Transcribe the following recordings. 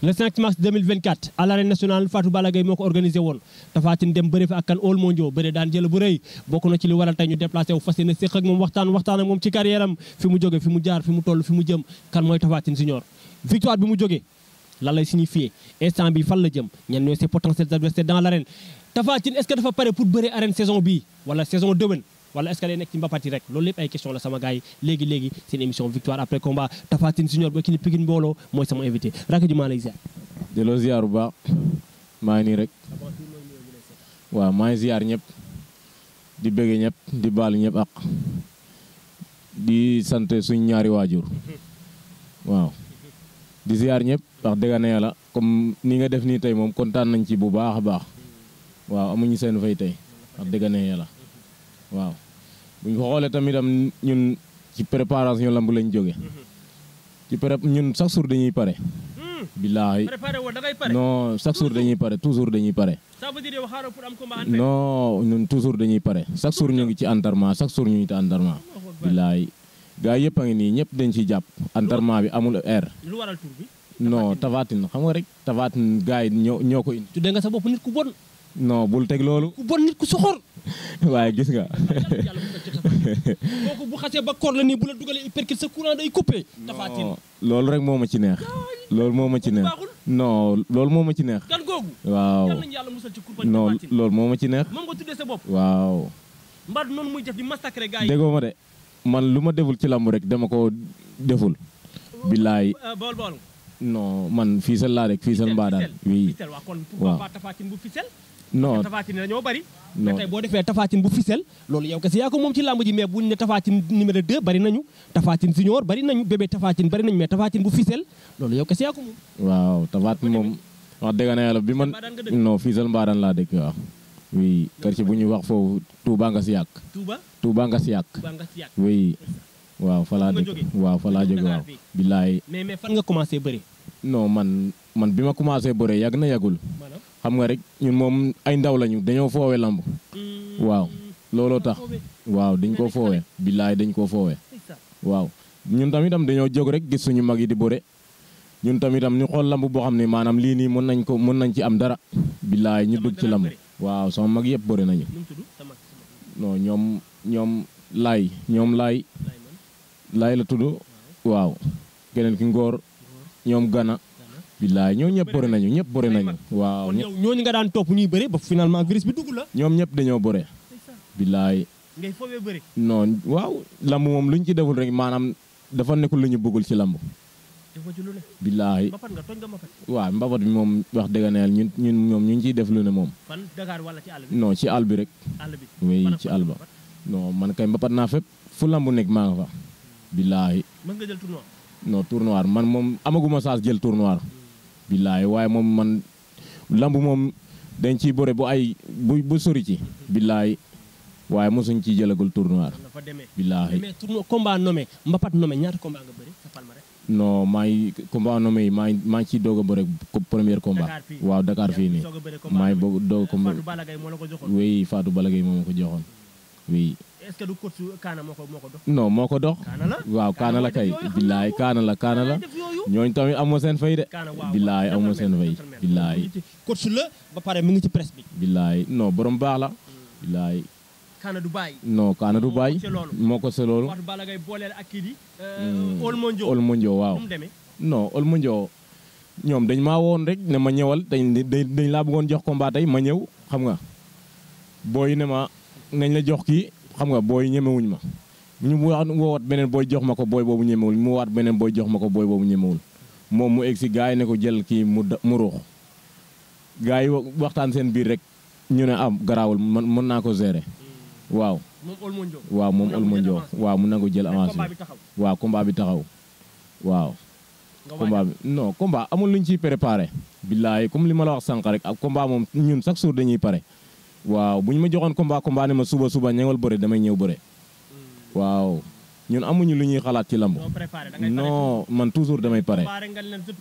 le 5 mars 2024 à l'arène nationale Fatou Balla moo ko organisé woon Tapha Tine dem bëre fi ak kan All Mondiaux bëre daan jël bu rëy na ci li waral tey ñu déplacé wu fas yéene moom waxtaan waxtaan moom ci carrière fi mu jóge fi mu jaar fi mu toll fi mu jëm kan mooy Tapha Tine Junior victoire bi mu jógee lan lay signifié instant bi fan la jëm ñan ñooy ses potentiels adversaires dans l'arène Tapha Tine est-ce que dafa pare pour bëre arène saison bii wala est-ce que day nekk ci mbapat rek lolou lepp ay question la sama gars yi léegi c'est une émission victoire après combat tafatine Tine Junior bu équipe Pikine mbolo moy sama invité rakk ma lay ziar lo ziar bu baax ma ngi rek ah wa ma ngi ziar ñep di bëgg ñep di bal ñep ak di sant suñ ñaari wajur waaw di ziar ñep wax dëgg na comme ni nga def ni tay mom contane nañ ci bu baax baax hmm. waaw amuñu seen fay tay hmm. wax dëgg na yàlla hmm. waaw buñ ko xoolee tamit am ñun ci préparation lamb lañ jóge ci prép ñun chaque jour dañuy pare. Hmm. billahi non chaque jour dañuy pare toujours dañuy pare. non ñun toujours dañuy pare chaque jour ñu ngi ci entraînement chaque jour ñu ngi ci entraînement. billahi gars yépp a ngi nii ñëpp dañ ci jàpp entraînement bi amul air. lu waral tour bi. non tafaatin xam nga rek tafaatin gaay yi ñoo ñoo ko indi. tuddee nga sa bopp nit ku bon. non bul teg loolu. ku bon nit ku soxor. waaye gis nga. kooku bu xasee ba koor la nii bu la dugalee uppercut sa courant day coupé. loolu rek moom ma ci neex. loolu moom ma ci neex. non loolu moo ma ci neex. gan googu. waaw non loolu moo ma ci neex. moom nga tuddee sa bopp. waaw. mbaa noonu muy def di massacrer gars yi. déggoo ma de man lu ma deful ci lamb rek dama ko deful. billaay. Euh, bool bool. man fiisal laa rek fiisal mbaa daal. oui waaw. non tafatin dañoo bari mais tey boo defee tafatin bu ficelle loolu yow kese yaa ko moom ci làmb ji mais buñ ne tafatin numéro 2 bari nañu tafatin junior bari nañu bébé tafatin bari nañu mais tafatin bu ficelle loolu yow kese yaa ko moom waaw tafatin moom wax dëgg na yàlla bi man non ficelle mbaadaan laa dëkk waaw oui quartier bu ñuy wax foofu Touba nga si yàq Touba nga si yàq oui waaw fa laa dëkk waaw fa laa jóge waaw billaay mais mais fan nga commencé bëri non man man bi ma commencé bëri yàgg na yàggul xam nga rek ñun moom ay ndaw lañu dañoo foowe lamb mm. waaw looloo tax waaw dañ ko foowe billaay dañ ko foowe waaw ñun tamitam dañoo jóg rek gis suñu mag yi di bëre ñun tamitam ñu xool lamb boo xam ne maanaam lii nii mën nañ ko mën nañ ci am dara billaay ñu ci lamb waaw sama mag yëpp bëre nañu non ñoom ñoom laay ñoom laay laay la tudd waaw keneen ki ngóor ñoom gana billaay ñoo ñëpp bëre nañu ñëpp bëre nañu waaw ñooñu nga daan topp ñuy bëre ba finalement virus bi dugg la ñoom ñëpp dañoo bëre billaay ngay foofee bëre non waaw lamb moom lu ñu ci deful rek maanaam dafa nekkul lu ñu bëggul ci lamb billaay waa mbapat bi moom wax dëgg neel ñun ñun moom ñu ngi ciy def lu ne moom non ci àll bi rek oui ci àll ba non man kay mbapat naa fépp fu lamb nekk maa nga fa billaay non tournoi man moom amaguma saas jël tournoi billaay waaye moom man lamb moom dañ ci bëre bu ay bu bu sori ci. billaay waaye mosuñ ciy jëlagul tournoi. billaay mais tournoi combat nommé mbapat nommé ñaata combat nga bëri maa ngi combat nommé yi maa ngi maa ngi ciy doog a bëre premier combat. waaw Dakar fii nii maa ngi doog a. Fatou Balla Gaye moo la ko joxoon oui Fatou Balla est que du coach Kaana moo ko moo ko dox. waaw Kaana la kay. billaay Kaana la Kaana la ñooñ tamit amoo seen fay de. billaay amoo seen fay billaay. coach la ba pare mu ngi ci presse bi. billaay borom baax la. Hmm. billaay. Kaana du bàyyi. Kaana du baay moo ko se loolu moo ko se loolu. Balla Gaye booleel ak kii di. Euh, hmm. Olmondio ñoom dañ maa woon rek ne ma ñëwal dañ dañ laa bëggoon jox ko tey ma ñëw xam nga booy ne ma nañ la jox kii xam nga booy ñemewuñ ma ñu wax woowaat beneen booy jox ma ko booy boobu ñemewul mu waat beneen booy jox ma ko booy boobu ñemewul moom mu egg si gars yi ne ko jël kii mu mu ruux gars yi waxtaan seen biir rek ñu ne am ah, garaawul man mën naa ko gérer waaw. waaw moom Olmondio waaw mun na ko jël avancé waa combat bi taxaw waaw. combat bi non combat amul lu ñu ciy préparé. billaay comme li ma la wax sànq rek ak combat moom ñun chaque jour dañuy pare. waaw bu ñu ma joxoon combat combat ne ma suba suba ñëwal bëre damay ñëw bëre. waaw ñun amuñu lu ñuy xalaat ci lamb. non man toujours damay pare.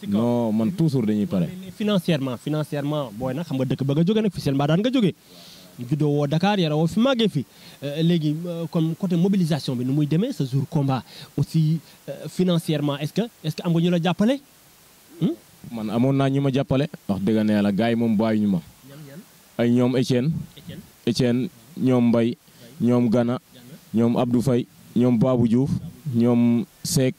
non man toujours dañuy pare. financièrement financièrement booy nag xam nga dëkk ba nga jóge nag fi seen mbaa daan nga jógee. juddoo woo Dakar yara woo fi màggee fi euh, léegi euh, comme côté mobilisation bi nu muy demee ce jour combat aussi euh, financièrement est-ce que est-ce am nga ñu la jàppale. Hmm? man amoon naa ñu ma jàppale. wax dëgg ne yàlla gars yi moom bàyyi ñu ma. ay ñoom Etienne Etienne ñoom mbay ñoom Gana ñoom Abdou Faye ñoom Babou Diouf ñoom Seck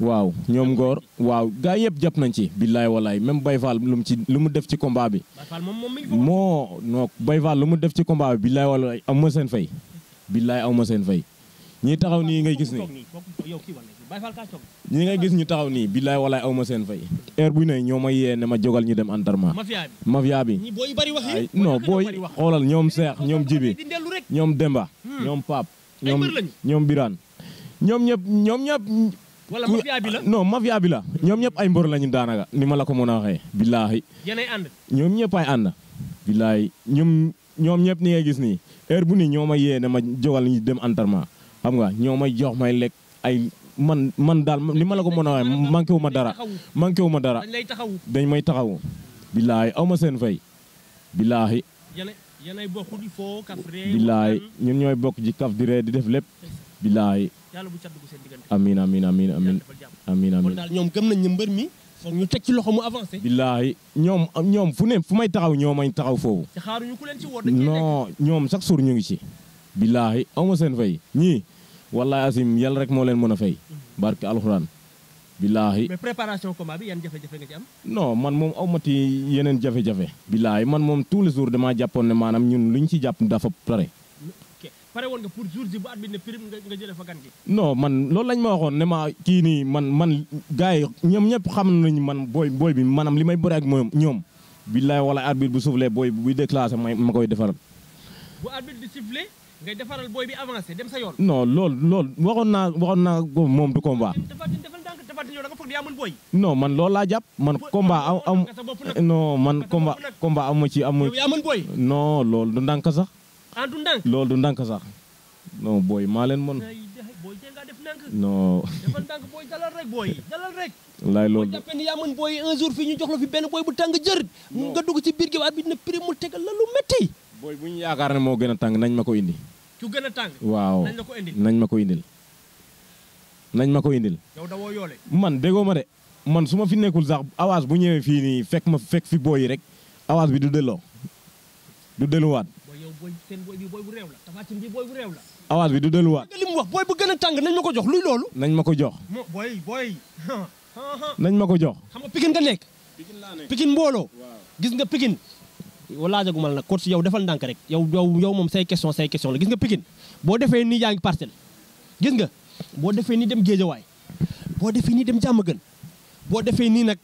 waaw ñoom Ngor waaw gaa yëpp jàpp nañ ci billaay walaay même bay Fall lu mu ci lu mu def ci combat bi moo non Baye Fall lu mu def ci combat bi billaay walaay aw ma seen fay billaay aw ma seen fay ñi taxaw nii ngay gis nii ñi nga gis ñu taxaw nii billaay walaay aw ma seen fay. heure bu ne ñoo ma yee ma jógal ñu dem entraînement. mafia bi ay non booy xoolal ñoom Seex ñoom Jibi ñoom Demba. Hmm. ñoom Paap ñoom ñoom Biraan ñoom ñëpp ñoom ñëpp. wala mafia bi la non mafia ñoom ñëpp ay mbër lañu daanaka ni ma la ko mën a waxee. billaahi ñoom ñëpp ay ànd. billaahi ñoom ñoom ñëpp ni ngay gis nii heure bu nii ñoo ma yee ne ma jógal ñu dem entraînement xam nga ñoo may jox may lekk ay. man man daal li ma la ko mën a waaye manqué wu ma dara manqué wu ma dara dañ may taxawu billaahi aw ma seen fay billaahi billaahi ñun ñooy bokk ji kaf di ree di def lépp billaahi amiin amiin amiin amiin amiin amiin ñoom gëm nañ mbër mi foog ñu teg ci loxo mu avancé. billaahi ñoom ñoom fu ne fu may taxaw ñoo may taxaw foofu. non ñoom sax suur ñu ngi ci. billaahi aw ma seen fay ñii. wallaay asim yàlla rek moo leen mën a fay. barke alxuraan. billaahi mais préparation combat bi yan jafe-jafe am. non man moom aw ma ci yeneen jafe-jafe. billaahi man moom tous les jours damaa jàppoon ne maanaam ñun lu ñu ci jàpp dafa pare. pare woon nga pour jour ji bu at bi ne prime nga jëlee man loolu lañ ma waxoon ne ma kii nii man man gars yi ñoom ñëpp xam nañu man booy booy bi maanaam li may bëre ak moom ñoom. billaay wala arbitre bu soufflé booy buy déclassé may ma koy defaral. nga defaral booy dem sa yoon. non loolu loolu waxoon naa waxoon naa moom du combat. non man loolu laa jàpp man combat am am man combat combat am ci am non loolu du ndànk sax. Ah, loolu du ndànk sax non booy maa leen mën. non. wallaay loolu. boo jàppee ni yaa mën booy ñu jox benn booy bu tàng jër. nga dugg ci biir gi waat bi dina prix tegal la lu métti. booy bu ñu yaakaar ne moo gën a tàng nañ ma ko indi. ku gën a tàng. waaw nañ la ko indil nañ ma ko indi nañ ma ko indil. man déggoo ma de man su ma fi nekkul sax awaas bu ñëwee fii nii fekk ma fekk fi booy yi rek awaas bi du delloo du delluwaat. awaas bi du delluwaat. li mu wax booy bu gën a tàng nañ ma ko jox luy loolu. nañ ma ko jox. booy booy. nañ ma ko jox. xam nga pikin nga nekk. pikin laa nekk gis nga pikin. walaa jagumal nag coach yow defal ndànk rek yow yow yow moom say question say question la gis nga Pikine boo defee nii yaa ngi gis nga boo defee nii dem géejawaay boo defee nii dem jàmm gën boo defee nii nag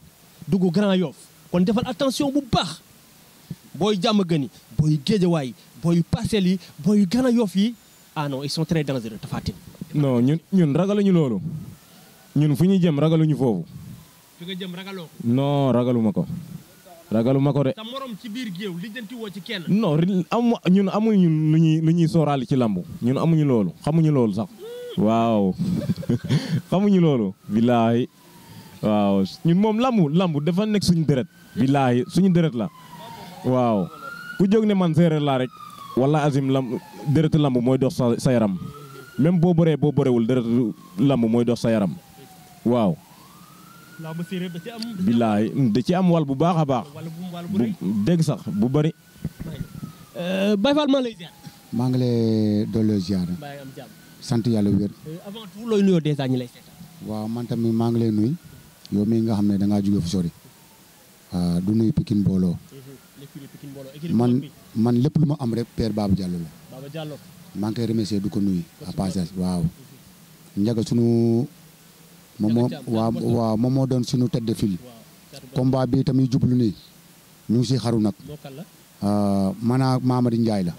dugg Grand yoof kon defal attention bu baax booy jàmm gën yi booy géejawaay booy parcelles yi booy Grand Yoff yi ah non ils sont très dangereux Tapha Tine non ñun ñun ragaluñu loolu ñun fu ñu jëm ragaluñu foofu fi nga jëm ragaloo ko non ragaluma ko ragaluma ko de. sa morom biir géew lijjanti woo ci kenn. non amu ñun amuñu lu ñuy lu ñuy sóoraale ci lambu ñun amuñu loolu xamuñu loolu sax. waaw xamuñu loolu. billaahi waaw ñun moom lambu lambu dafa nekk suñu deret. billaahi suñu deret la. waaw ku jóg ne man séeréer laa rek. wala azim lam deretu lamb mooy dox sa sa yaram même boo bëree boo bëreewul deretu lamb mooy dox sa yaram waaw. billaay da ci am wal bu baax a baax. bu dégg sax bu bëri. Euh, Baye Fall maa ngi lay ziar. maa ngi lay doole ziar. sant yàlla wér. Euh, avant tout looy nuyoo dèjà ñu waaw man tamit maa ngi lay nuyu. yow mii nga xam ne danga ngaa fu sori. du nuy Pikine mbooloo. Mhm, man man lépp lu ma am rek père Baba Diallo la. maa ngi koy remercier du ko nuyu. à passage waaw. Mhm. njaga sunu. momo wa, wa, waaw don moo suñu tête de file combat bi tamit jublu nii ñu ngi si xaru nag kan ah, maanaam Mamadi Ndiaye la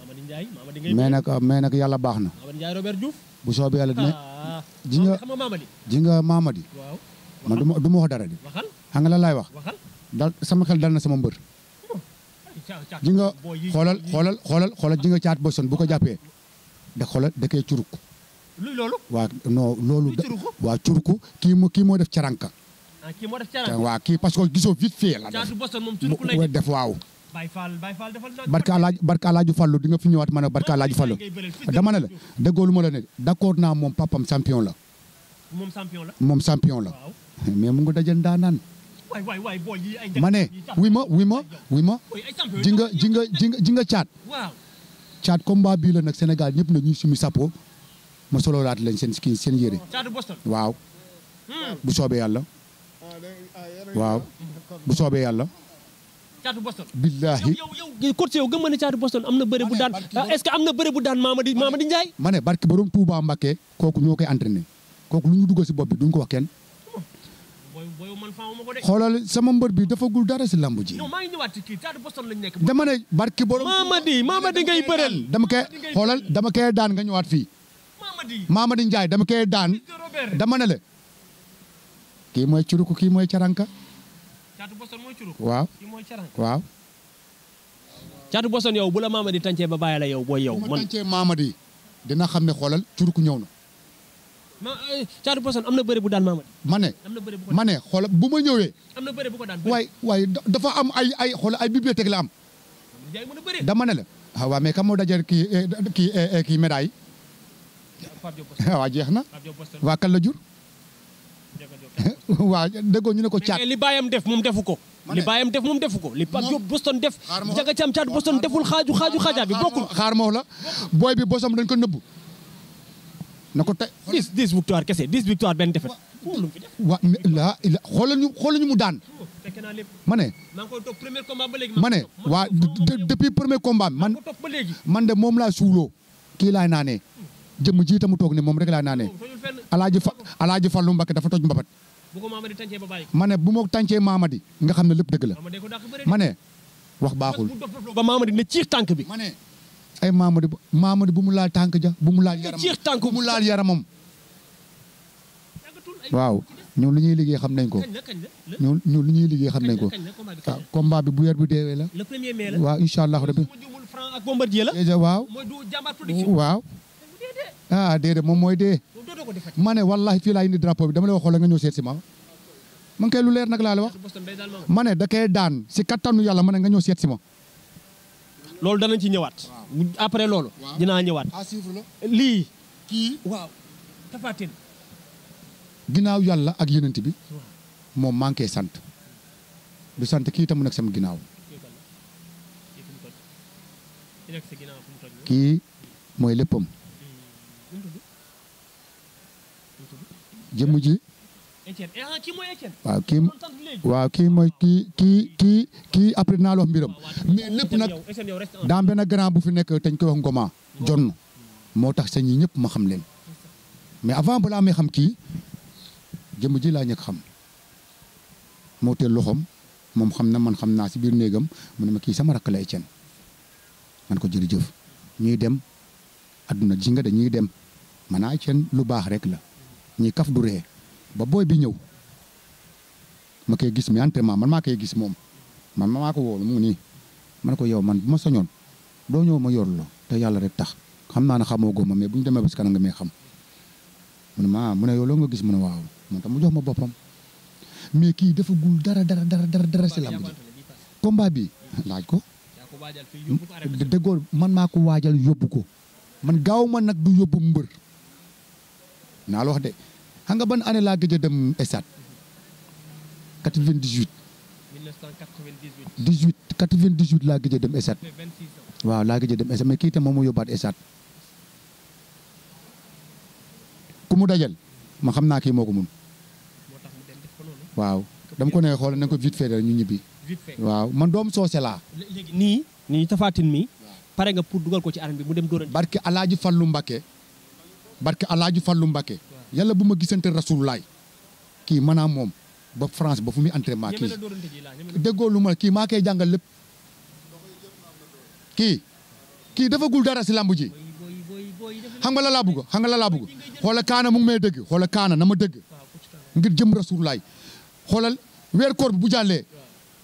mais nag mais nag yàlla baax na bu soobee yàlla ah, ji nga ji nga Mamadi man du ma du ma wax dara de xam nga lan laay wax dal sama xel dal na sama mbër oh. ji nga xoolal ji nga boson bu ko jàppee da xoolal da curuk luy loolu. waa non loolu. waa curku kii moo kii moo def caranka. ah kii moo kii parce que gisoo vite fait la. def waaw. Baye Fall Baye Fall barka alaaju Fallu di nga fi ñëwaat ma ne barka alaaju Fallu dama ne la dëggoo lu ma la ne d'accord naa moom papam champion la. moom champion la moom champion la. mais mu ngi dajal ndaanaan. waay waay ma ne wi ma wi ma wi ma. ji nga ji nga ji nga caat. waaw caat combat bii la nag Sénégal ñëpp nag ñuy sumi sapo ma soloolaat leen seen si kii seen yére waaw hmm. bu soobee yàlla waaw bu soobee yàlla. caatu Boston. billaahi yow coach yow gëm nga ne caatu Boston am na bëre bu daan ah, est am na bëre bu daan Mamadi Mamadi ma ne barki borom Touba Mbakke kooku ñoo koy entraîné kooku lu ñu dugg si bopp bi duñ ko wax kenn. sama mbër bi dafa dara si lamb ji. dama ne barki borom. Mamadi Mamadi ngay bëreel. dama koy xoolal dama koy daan nga ñëwaat fii. Mamadi Ndiaye dama koy daan dama ne la kii mooy curuku kii mooy caranka waaw waaw caatu boson yow bula la Mamadi tàncee ba bàyyi la yow booy yow man tàncee Mamadi dina xam ne xoolal curuku ñëw na ma eh, caatu boson am bu daan ma ne ma bu ma ñëwee am na bëre bu ko waaye waaye dafa am ay ay xoolal ay bibliothèque la am dama ne la ah, waaw mais kam moo dajal kii eh, kii eh, waa jeex na waa kan la jur waa déggoo ñu ne ko caat li baayam def moom defu ko li baayam def moom defu ko li Pape Diop Boston def jaga cam caat Boston deful xaaju xaaju xaajaa bi bokkul xaar moo la booy bi bosam dañ ko nëbbu na ko tey dix dix victoire kese dix victoire benn defet waa la la xoolal ñu xoolal ñu mu daan oh, ma ne ma ne waa depuis premier combat man man de moom laa suuloo kii laay naanee jëmm jiita mu toog ne moom rek laa naanee oh, alaaji fa alaaji Fallu Mbakke dafa toj mbabat ma ne bu ma tàncee Mamadi nga xam ne lépp dëgg la ma ne wax baaxul ba Mamadi ne ciix tànk bi ma ne ay Mamadi Mamadi bu mu laal tànk ja bu mu laal yaram ciix tànk mu laal yaramam waaw ñun lu ñuy liggéey xam nañ ko ñun lu ñuy liggéey xam nañ ko waaw combat bi bu weer bi deewee la waaw incha allah rabbi waaw waaw ah déedéet moom mooy dee ma ne wallahi fii laa indi drapeau bi dama lay wax xoolal nga ñëw seet si ma man kay lu leer nag laa la wax ma da kay daan si kattanu yàlla ma ne nga ñëw seet si ma loolu danañ ci ñëwaat après loolu dinaa ñëwaat lii kii waaw Tapha Tine ginnaaw yàlla ak yonent bi moom manqué sant du sant kii tamu nag sama ginnaaw kii mooy léppam jëmm ji eh, ah, waaw kii waaw kii mooy kii kii kii kii après dinaa la wax mbiram ah, mais lépp nag dans benn grand bu fi nekk dañ koy wax ngoma jonn moo tax sañ ñi ñëpp ma xam leen mais avant balaa may xam kii jëmm ji laa ñëkk xam moo teel loxoom moom xam na man xam naa si biir néegam mu ne ma kii sama rakk la Etienne man ko jërëjëf ñuy dem adduna ji nga ñuy dem man ah, naa lu baax rek la ñi kaf du ree ba boy bi ñew ma gis mi entraînement man maa gis mom, man ma mako wol mu ni ma ko yow man buma ma do ñew ma yor la te yalla rek tax xam na ne xamoo góoma mais buñu bis kan nga xam mu ma mu ne yow lo nga gis mu ne waaw moo tam mu jox ma bopam mais ki dafa gul dara dara dara dara dara ci lamb combat bi laaj ko man maa ko waajal yo ko man gaawuma nak du yobbu mbeur naa la wax de xam nga ban année laa gëj a dem stade 98. 1998 18 98 laa gëj a dem stade. waaw laa gëj a dem stade mais kii itam moom moo yóbbaat stade. ku mu dajal ma xam naa kii moo ko mun. waaw dama ko ne xool na ko vite fait rek ñu ñibbi. waaw man doom soose laa. nii nii Tapha Tine mi pare nga pour dugal ko ci arène bi mu dem dóorante. barke Alaaji Fallu Mbakke. barke Alaaji Fàllu Mbàkke yàlla bu ma gisante rasulullaay kii maanaam moom ba France ba fu muy entraînement kii déggoo lu ma kii maa koy lépp kii kii defagul dara si làmb ji xam nga la bugg xam nga la laa bugg xoola kaana mu ngi may dëgg xoola kaana na ma dëgg ngir jëm rasulullaay xoolal weer koor bu jàllee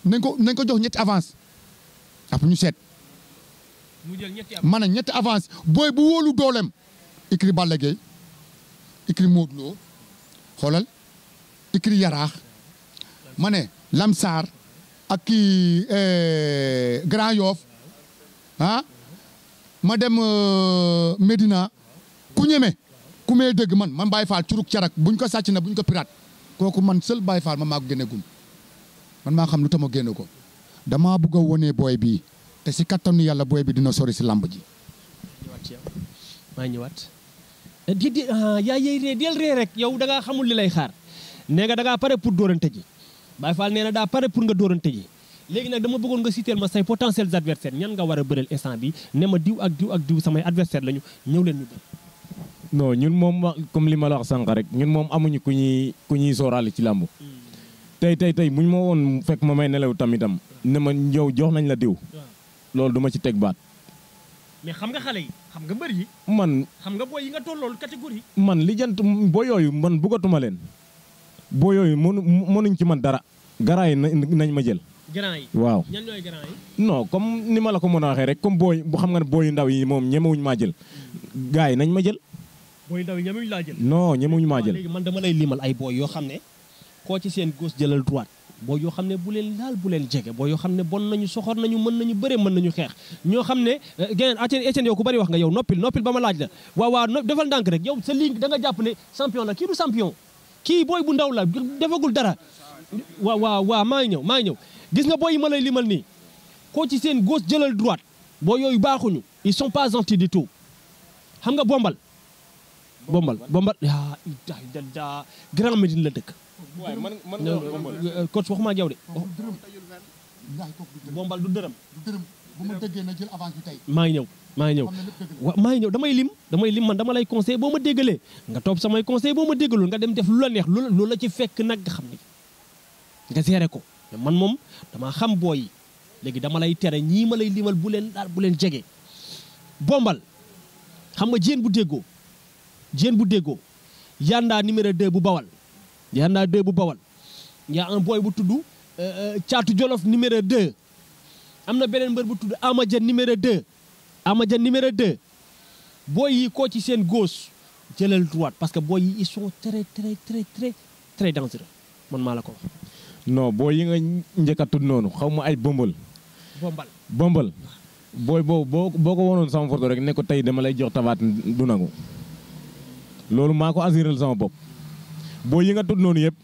nañ ko nañ ko jox ñetti avance après ñu seet ma ñetti avance booy bu wóolu dooleem écurie Balla Gaye écurie Modou Lo xoolal écurie Yaraax ma ne Lamsaar ak kii eh, Grand Yoff ah, ma dem eh, Medina ku ñeme ku may dégg man man baay Fall curug carak buñ ko sàcc na buñ ko piraat kooku man seul baay Fall ma maa ko génne gum man maa xam lu tama génne ko damaa bugg a booy bii te si kattanu yàlla booy bi dina sori si làmb ji. di di ah, yaa yey ree del ree rek yow da xamul li lay xaar nee nga da ngaa pare pour dóorante ji Baye Fall nee na daa pare pour nga dóorante ji léegi nag dama bëggoon nga citer ma say potentiels adversaires ñan nga war a bëreel instant bi ne ma diw ak diw ak diw samay adversaire lañu ñëw leen ñu bëri non ñun moom comme li ma la wax sànq rek ñun moom amuñu ku ñuy ku ñuy sóoraale ci làmb hmm. tey tey tey buñ ma woon fekk ma may nelaw tamitam ne ma ñëw jox nañ la diw hmm. loolu duma ci mais xam nga xale yi xam nga mbër yi. man xam nga booy yi nga tollool catégorie. man li jant boo yooyu man bëggatuma leen boo yooyu mënu mënuñ ci man dara. garant yi nañ ma jël. garant yi waaw ñan ñooy garant comme ni ma la ko mën a waxee rek comme booy xam nga ne booy ndaw yi moom ñemewuñ maa jël. gars yi nañ ma jël. booy ndaw yi ñemewuñ laa jël. non ñemewuñ maa jël. man dama lay limal ay booy yoo xam ne koo ci seen gauche jëlal droite. boo yoo xam bu leen dal bu leen jege boo yoo xam bon nañu soxor nañu mën nañu bëre mën nañu xeex ño xam ne eh, geneen ah, Etienne yow ku bari wax nga yow nopil nopil bama laaj la wa wa defal dank rek yow sa link da nga japp ne champion la ki du champion ki boy bu ndaw la defagul dara wa wa wa maa ngi ñëw maa gis nga boy yi ma lay limal ni ko ci sen gauche jëlal droite boo yooyu baxuñu ils sont pas gentils du tout xam nga bombal bombal bombal yaa itay dada Grand Médine la dëkk. waaye man man nga wax bombal euh, euh, coach waxuma ak yow de. Oh, bombal du dërëm. bu ma jël avance tey. maa ngi ñëw maa ngi ñëw wa maa ngi ñëw damay lim damay lim man dama lay conseil boo ma déggalee nga topp samay conseil boo ma déggalul nga dem def lu la neex lu la ci fekk nag nga xam ni nga géré ko man moom damaa xam booy léegi dama lay tere ñii ma lay limal bu leen daal bu leen jege bombal xam nga jéen bu déggoo jéen bu déggoo yandaa numéro 2 bu bawal yandaa 2 bu bawal yaa un boy bu tudd euh, euh, caatu jolof numéro 2 am na beneen mbër bu tudd amaja numéro 2 ja numéro 2 booy yi koo ci seen gauche jëlal droite parce que booy yi ils sont très très très très très dangereux man maa la ko noo non booy yi nga njëkk tudd noonu xaw ma ay bombal bombal bombal booy boobu boo boo ko wanoon sama photo rek ne ko tey dama lay jox tabaat du nagu loolu maa ko assuré sama bopp boo yi nga tudd noonu yëpp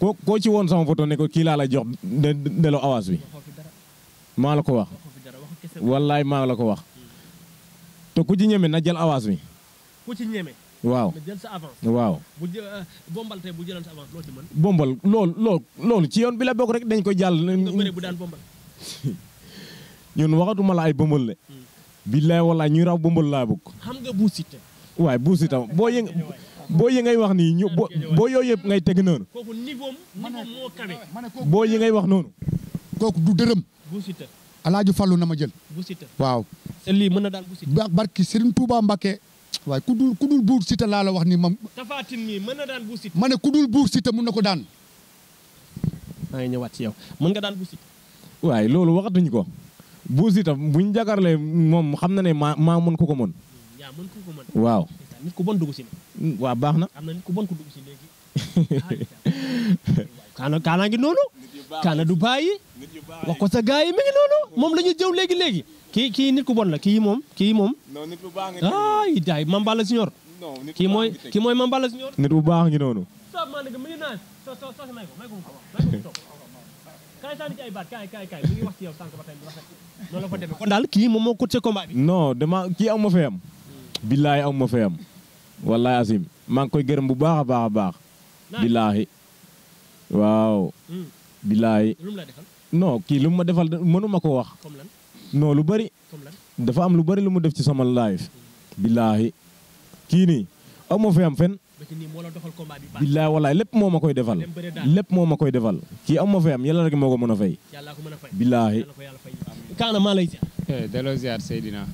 ko koo ci woon sama photo ne ko kii laa lay jox de delloo avance bi maa la ko wax wallaay maa la ko wax te ku ci ñeme na jël avance bi ku ci ñeme waaw waaw euh, bombal loolu loolu loolu ci yoon bi la bokk rek dañ ko jàll ñun waxatuma la ay bombal le hmm. billaay wallaay ñuy raw bombal laa bëgg bu Siteu waaye buus itam boo yëng boo yi wax nii ñu boo yooyu yëpp ngay teg noonu boo yi ngay wax noonu. kooku du dërëm. alaaju fallu na ma jël. waaw. te lii mën na daal barki Serigne Touba Mbacke. waaye ku dul ku dul buur Siteu laa la wax ni moom. tafaatin nii mën na daan buur ma ne ku dul buur Siteu mun na ko daan. ñëwaat ci yow mën nga daan buur waaye loolu waxatuñ ko. buur Siteu buñ jàkkaarloo moom xam na ne maa maa mën ko ko mën. waaw. nit ku bon dugg si ne. Mm, baax na. am na nit ku bon ku dugg ah, kaana kaana ngi noonu. kaana du bàyyi. wax ko sa gars yi mi ngi noonu moom la ñu jëw léegi léegi. kii kii nit ku bon la kii moom kii moom. ah yi daay Mambala si ñor. kii mooy kii mooy Mambala si ñor. nit bu baax ngi noonu. non dama kii am ma fee billaahi amu ma fayam wallaahi asim maa ngi koy gërëm bu baax a baax a baax billaahi waaw hmm. billaahi noo kii lu mu ma defal mënuma ko wax non lu bari dafa am lu bari lu mu def ci sama live billaahi kii nii amu ma fayam fen billaay walaay lépp moo ma koy defal lépp moo ma koy defal kii am ma fay am yàlla rek moo ko mën a fay billaahi kaana maa lay ziar eh, delloo ziar Seydina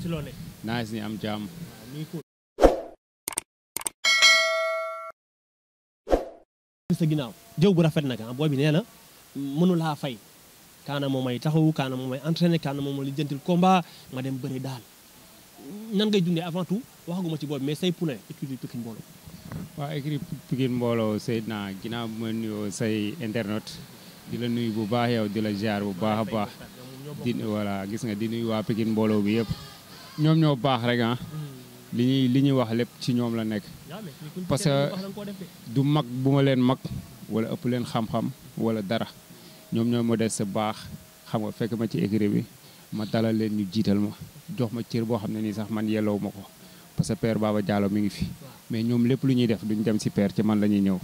naa si am jàmm iko sa ginnaaw jëw bu rafet nag ah, booy bi nee na mënulaa fay kaana moo may taxaw kaana moo may entraîné kaana moo may lijjantil combat nga dem bëri daal nan ngay dundee avant tout waxaguma ci boobu mais say poulain écurie Pikine mbooloo waaw écurie Pikine mbooloo Seydina ginnaaw bu ma nuyoo say internet di la nuyu bu baax yow di la ziar bu baax a baax di voilà gis nga di nuyu waa Pikine mbooloo bi yëpp ñoom ñoo baax rek ah mm-hmm. li ñuy li ñuy wax lépp ci ñoom la nekk parce que du mag bu ma leen mag wala ëpp leen xam-xam wala dara ñoom ñoo ma des sa baax xam nga fekk ma ci écrit bi ma dalal leen ñu jiital ma jox ma cër boo xam ne nii sax man yelloo ma ko parce que père Baba Diallo mi ngi fi mais ñoom lépp lu ñuy def duñ dem si père ci man la ñuy ñëw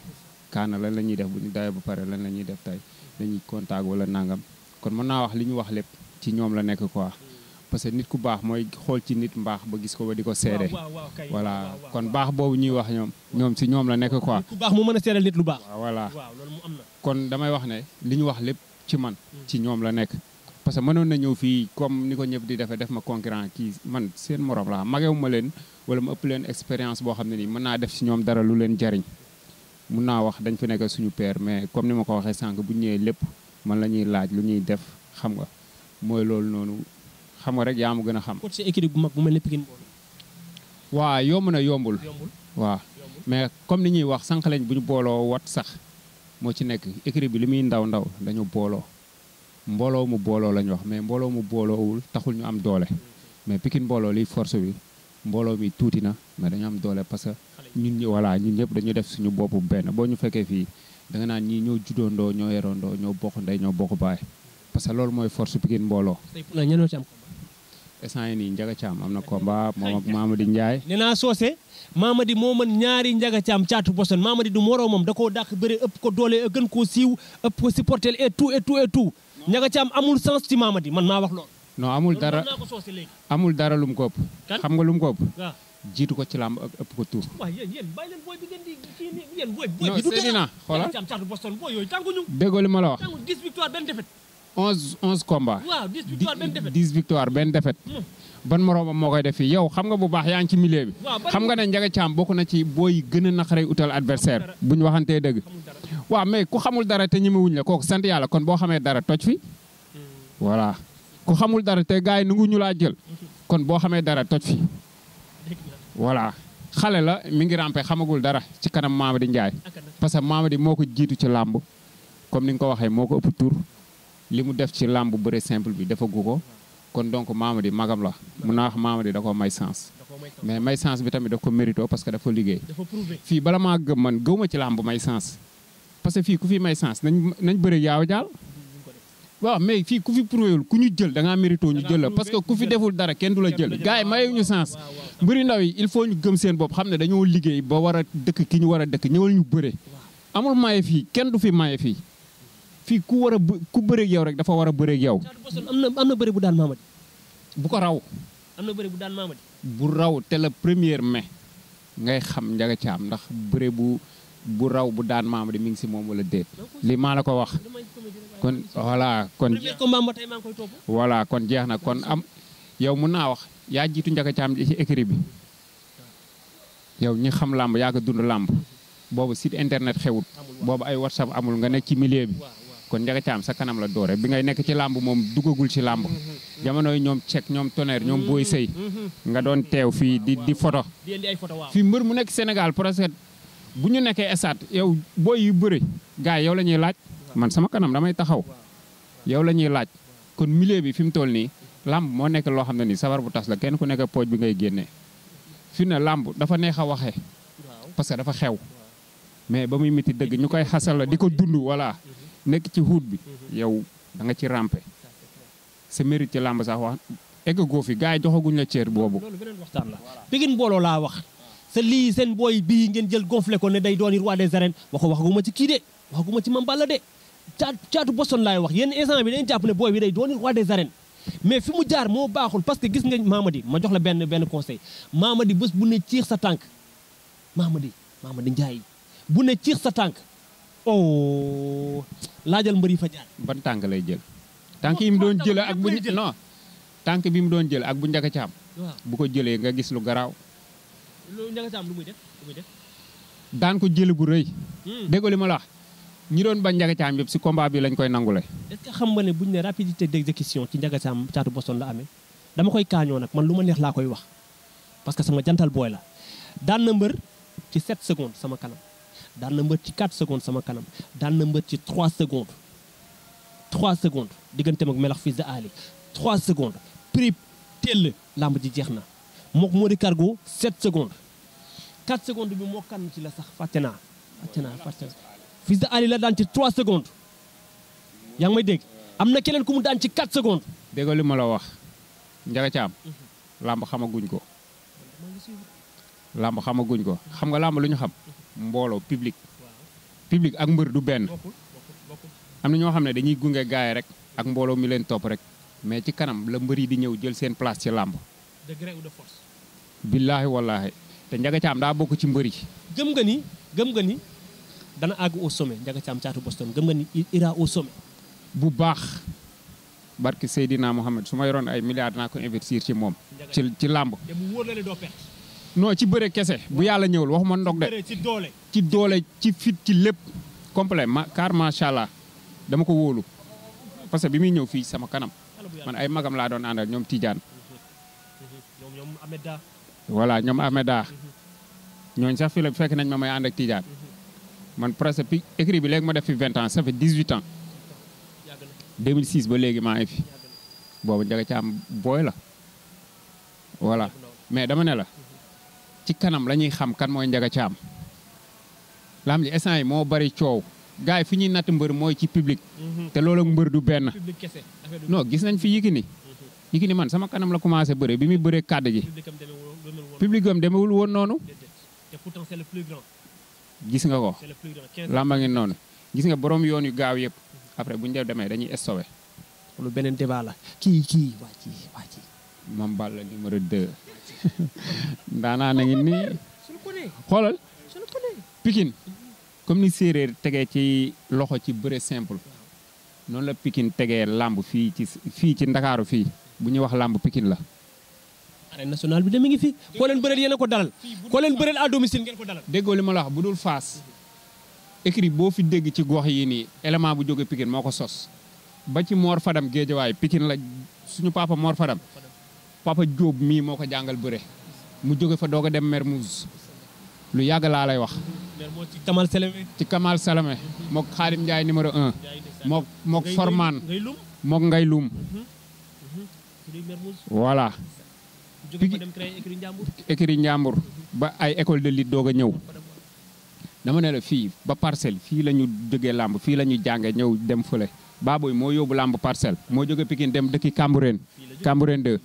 kaana lan la ñuy def bu ñu dawee ba pare lan la ñuy def tey dañuy contact wala nangam kon mën naa wax li ñu wax lépp ci ñoom la nekk quoi parce que nit ku baax mooy xool ci nit mbaax ba gis ko ba di ko seede voilà kon baax boobu ñuy wax ñoom ñoom si ñoom la nekk quoi ku baax mu mën a seedal nit lu baax voilà kon damay wax ne li ñu wax lépp ci man hmm. ci ñoom la nekk parce que mënoon na ñëw fii comme ni ko ñëpp di defee def ma concurrent kii man seen morom laa magewu ma leen wala ma ëpp leen expérience boo xam ne nii mën naa def si ñoom dara lu leen jariñ mun naa wax dañ fi nekk suñu père mais comme ni ma ko waxee sànq bu ñëwee lépp man la ñuy laaj lu ñuy def xam nga mooy loolu noonu xam nga rek yaa ma gën a xam. coach si équipe bu mag bu mel ne yomb na yombul. yombul waaw mais comme ni ñuy wax sànq lañ bu ñu booloo wat sax moo ci nekk équipe bi li muy ndaw ndaw dañu booloo. mbooloo mu booloo lañ wax mais mbooloo mu booloowul taxul ñu am doole. mais Pikine mbooloo liy force bi mbooloo mi tuuti na mais dañu am doole parce que ñun ñi voilà ñun ñëpp dañu def suñu bopp benn boo ñu fekkee fii da nga naan ñii ñoo juddoondoo ñoo yeroondoo ñoo bokk ndey ñoo bokk baay parce que loolu mooy force Pikine mbooloo. instant yii nii Ndiaga am na combat moom ak Mamadi Ndiaye. nee naa soose Mamadi moo man ñaari Ndiaga Thiam caatu Boston Mamadi du moroomam da koo bëre ëpp ko doole gën koo siiw ëpp ko supporter et tout et tout amul sens ci Mamadi man maa wax loolu. non amul dara amul dara lu ko ëpp. xam nga lu mu ko jiitu ko ci làmb ëpp ko tuur. waaw yéen yéen bàyyi leen booy bi ma onze onze combats. waaw dix victoire benn défaite dix victoire benn hmm. ban moroomam moo koy def fii yow xam nga bu baax yaa ngi ci milieu bi. xam nga ne Ndiaga Thiam bokk na ci booy gën a naqaree utal adversaire bu ñu waxantee dëgg. waaw mais ku xamul dara te ñemewuñ la kooku sant yàlla kon boo xamee dara toj fi. Hmm. voilà ku xamul dara te gars yi nangu ñu laa jël. Hmm. kon boo xamee dara toj fi. voilà xale la mi ngi rampé xamagul dara ci kanam Mamady Ndiaye. parce que Mamady moo ko jiitu ci làmb comme ni nga ko waxee moo ko li mu def ci làmb bëre simple bi dafa gu ko kon donc Mamady magam la mun naa wax Mamady da koo may sens mais may sens bi tamit da ko mérito parce que dafa liggéey fii bala maa gëm man gëwma ci làmb may sens parce que fii ku fi may sens nañ nañ bëre yaaw jaal waaw mais fii ku fi prouvéwul ku ñu jël da ngaa mérito ñu jël la parce que ku fi deful dara kenn du la jël gars yi mayu ñu ndaw yi il faut ñu gëm seen bopp xam ne dañoo liggéey ba war a dëkk ki ñu war a dëkk ñëwal ñu bëre amul maye fi maye fii fii ku a ku bëreeg yow rek dafa war a bëreeg yow. am na am bu daan bu ko raw. am bu raw te la premier mai ngay xam Ndiaga Thiam ndax bëre bu bu raw bu daan Mamadi mi ngi si moom wala déet. li maa la ko wax. kon voilà kon. kon jeex na kon am yow mun naa wax yaa jiitu Ndiaga Thiam ci écrit bi yow ñi xam làmb yaa ko dund làmb boobu site internet xewut boobu ay whatsapp amul nga nekk ci milieu bi. kon Ndiaga Thiam sa kanam la doore bi ngay nekk ci làmb moom duggagul ci làmb jamonoy ñoom cek ñoom tonnerre ñoom booy nga doon teew fii di di photo fii mbër mu nekk Sénégal presque bu ñu nekkee stade yow booy yu bëri gars yow la ñuy laaj man sama kanam damay taxaw yow la ñuy laaj kon milieu bi fi mu toll nii làmb moo nekk loo xam ne nii sabar bu tas la kenn ku nekke pooj bi ngay génne fi ne làmb dafa neex a waxee parce que dafa xew mais ba muy miti dëgg ñu koy xasal nekk ci huut bi yow da nga ci rampe sa mérite ci làmb sax wax egg goo fi gars yi joxaguñ la cër boobu. loolu beneen waxtaan la Pikine mbooloo laa wax. sa lii seen booy bii ngeen jël gonflé ko ne day doon roi des arènes waxu ma ci kii de waxaguma ci Mame Balla de caatu caatu Boston laay wax yenn instant bi dañu jàpp ne booy bi day doon roi des arènes. mais fi mu jaar moo baaxul parce que gis nga Mamadi ma jox la benn benn conseil Mamadi bés bu ne ciix sa tànk Mamadi Mamadi Ndiaye bu ne ciix sa tànk. oh laajal mbër yi fa jaar. ban tànk lay jël. tànk yi mu doon jël ak bu non tànk bi mu doon jël ak bu njëkk a caam. bu ko jëlee nga gis lu garaaw. lu njëkk a lu muy def lu muy def. daan ko jëlee bu rëy. Hmm. déggoo li ma la wax doon bañ njëkk a caam yëpp si combat bi lañ koy nangule. est que xam nga ne buñ ne rapidité d' exécution ci njëkk a caam caatu Boston la dama koy kaañoo nag man lu ma neex laa koy wax parce que sama jantal booy la daan na mbër ci 7 secondes sama kanam. daan na mbër ci 4 secondes sama kanam daan na mbër ci 3 secondes 3 secondes digganteem ak melax fils de Ali 3 secondes prix tell làmb ji jeex na mook moo di cargo 7 secondes 4 secondes bi moo kan ci la sax fàtte naa fàtte naa fàtte naa fils de Ali la daan ci 3 secondes yaa ngi may dégg am na keneen ku mu daan ci 4 secondes déggoo li ma la wax njaga caam mhm. làmb xamaguñ ko làmb xamaguñ ko xam nga làmb lu ñu xam mhm. mbooloo public. public ak mbër du benn. am na ñoo xam ne dañuy gunge gaay rek ak mbooloo mi leen topp rek mais ci kanam la mbër yi di ñëw jël seen place ci làmb. de gré ou billaahi wallaahi te Ndiaga Thiam daa bokk ci mbër yi. gëm nga ni gëm nga ni dana àgg au sommet Ndiaga Thiam caatu Boston gëm nga ni il ira au sommet. bu baax. barki Seydina Mohamed su ma yoroon ay milliards naa ko investir ci moom. ci làmb. non ci beure kese bu yàlla ñëwul waxuma ndok de ci doole ci doole ci fit ci lepp complet ma car sha allah dama ko wolu parce que bi mi ñew fi sama kanam man ay magam la doon andal ñom Tidiane voilà ñom Ameda mhm. ñoñ sax fi la fekk nañ ma may and ak Tidiane mhm. man presse bi écrit bi légui ma def fi 20 ans ça fait 18 ans 2006 ba légui ma ay fi bobu jaga ci am boy la voilà mais dama ne la ci kanam la xam kan mooy ci am lam li essence yi moo bari coow gaay yi fi ñuy natt mbër mooy ci public. Mhm. te loolu ak mbër du benn. non gis nañ fi yikini mhm. yikini man sama kanam la commencé bëre bi muy bëree kàdd ji. public am demewul woon noonu. gis nga ko. lamba ngi noonu. gis nga borom yoon yu gaaw yëpp mhm. après bu def demee dañuy stocké. lu beneen débat la kii kii waa kii Mame Balla numéro 2 ndaanaa na ngi nii xoolal Pikine comme ni séeréer tegee ci loxo ci bëre simple noonu la pikin tegee làmb fii ci fii ci Ndakaaru fii bu ñuy wax làmb Pikine la. arène nationale bi de mi ngi fi koo leen bëreel yéen a ko dalal koo leen bëreel à déggoo li ma la bu dul faas écrit boo fi dégg ci gox yi nii élément bu jóge Pikine moo ko sos ba ci Mor Fadam Géejawaay Pikine la suñu papa Mor Fadam papa jóob mii moo ko jàngal bëre mu jóge fa doog a dem Mermoz lu yàgg laa lay wax. Mermoz ci Kamal Salame. ci Kamal mook Xaadim Ndiaye numéro un. mook mook Forman mook Ngay Loum. voilà. jóge fa dem Njàmbur. ba ay école de li doog a ñëw. dama ne la fii ba parcelle fii la ñu jógee làmb fii la ñu jàngee ñëw dem fële. booy moo yóbbu làmb parcelle moo jóge Pikine dem dëkki Cambérène Cambérène 2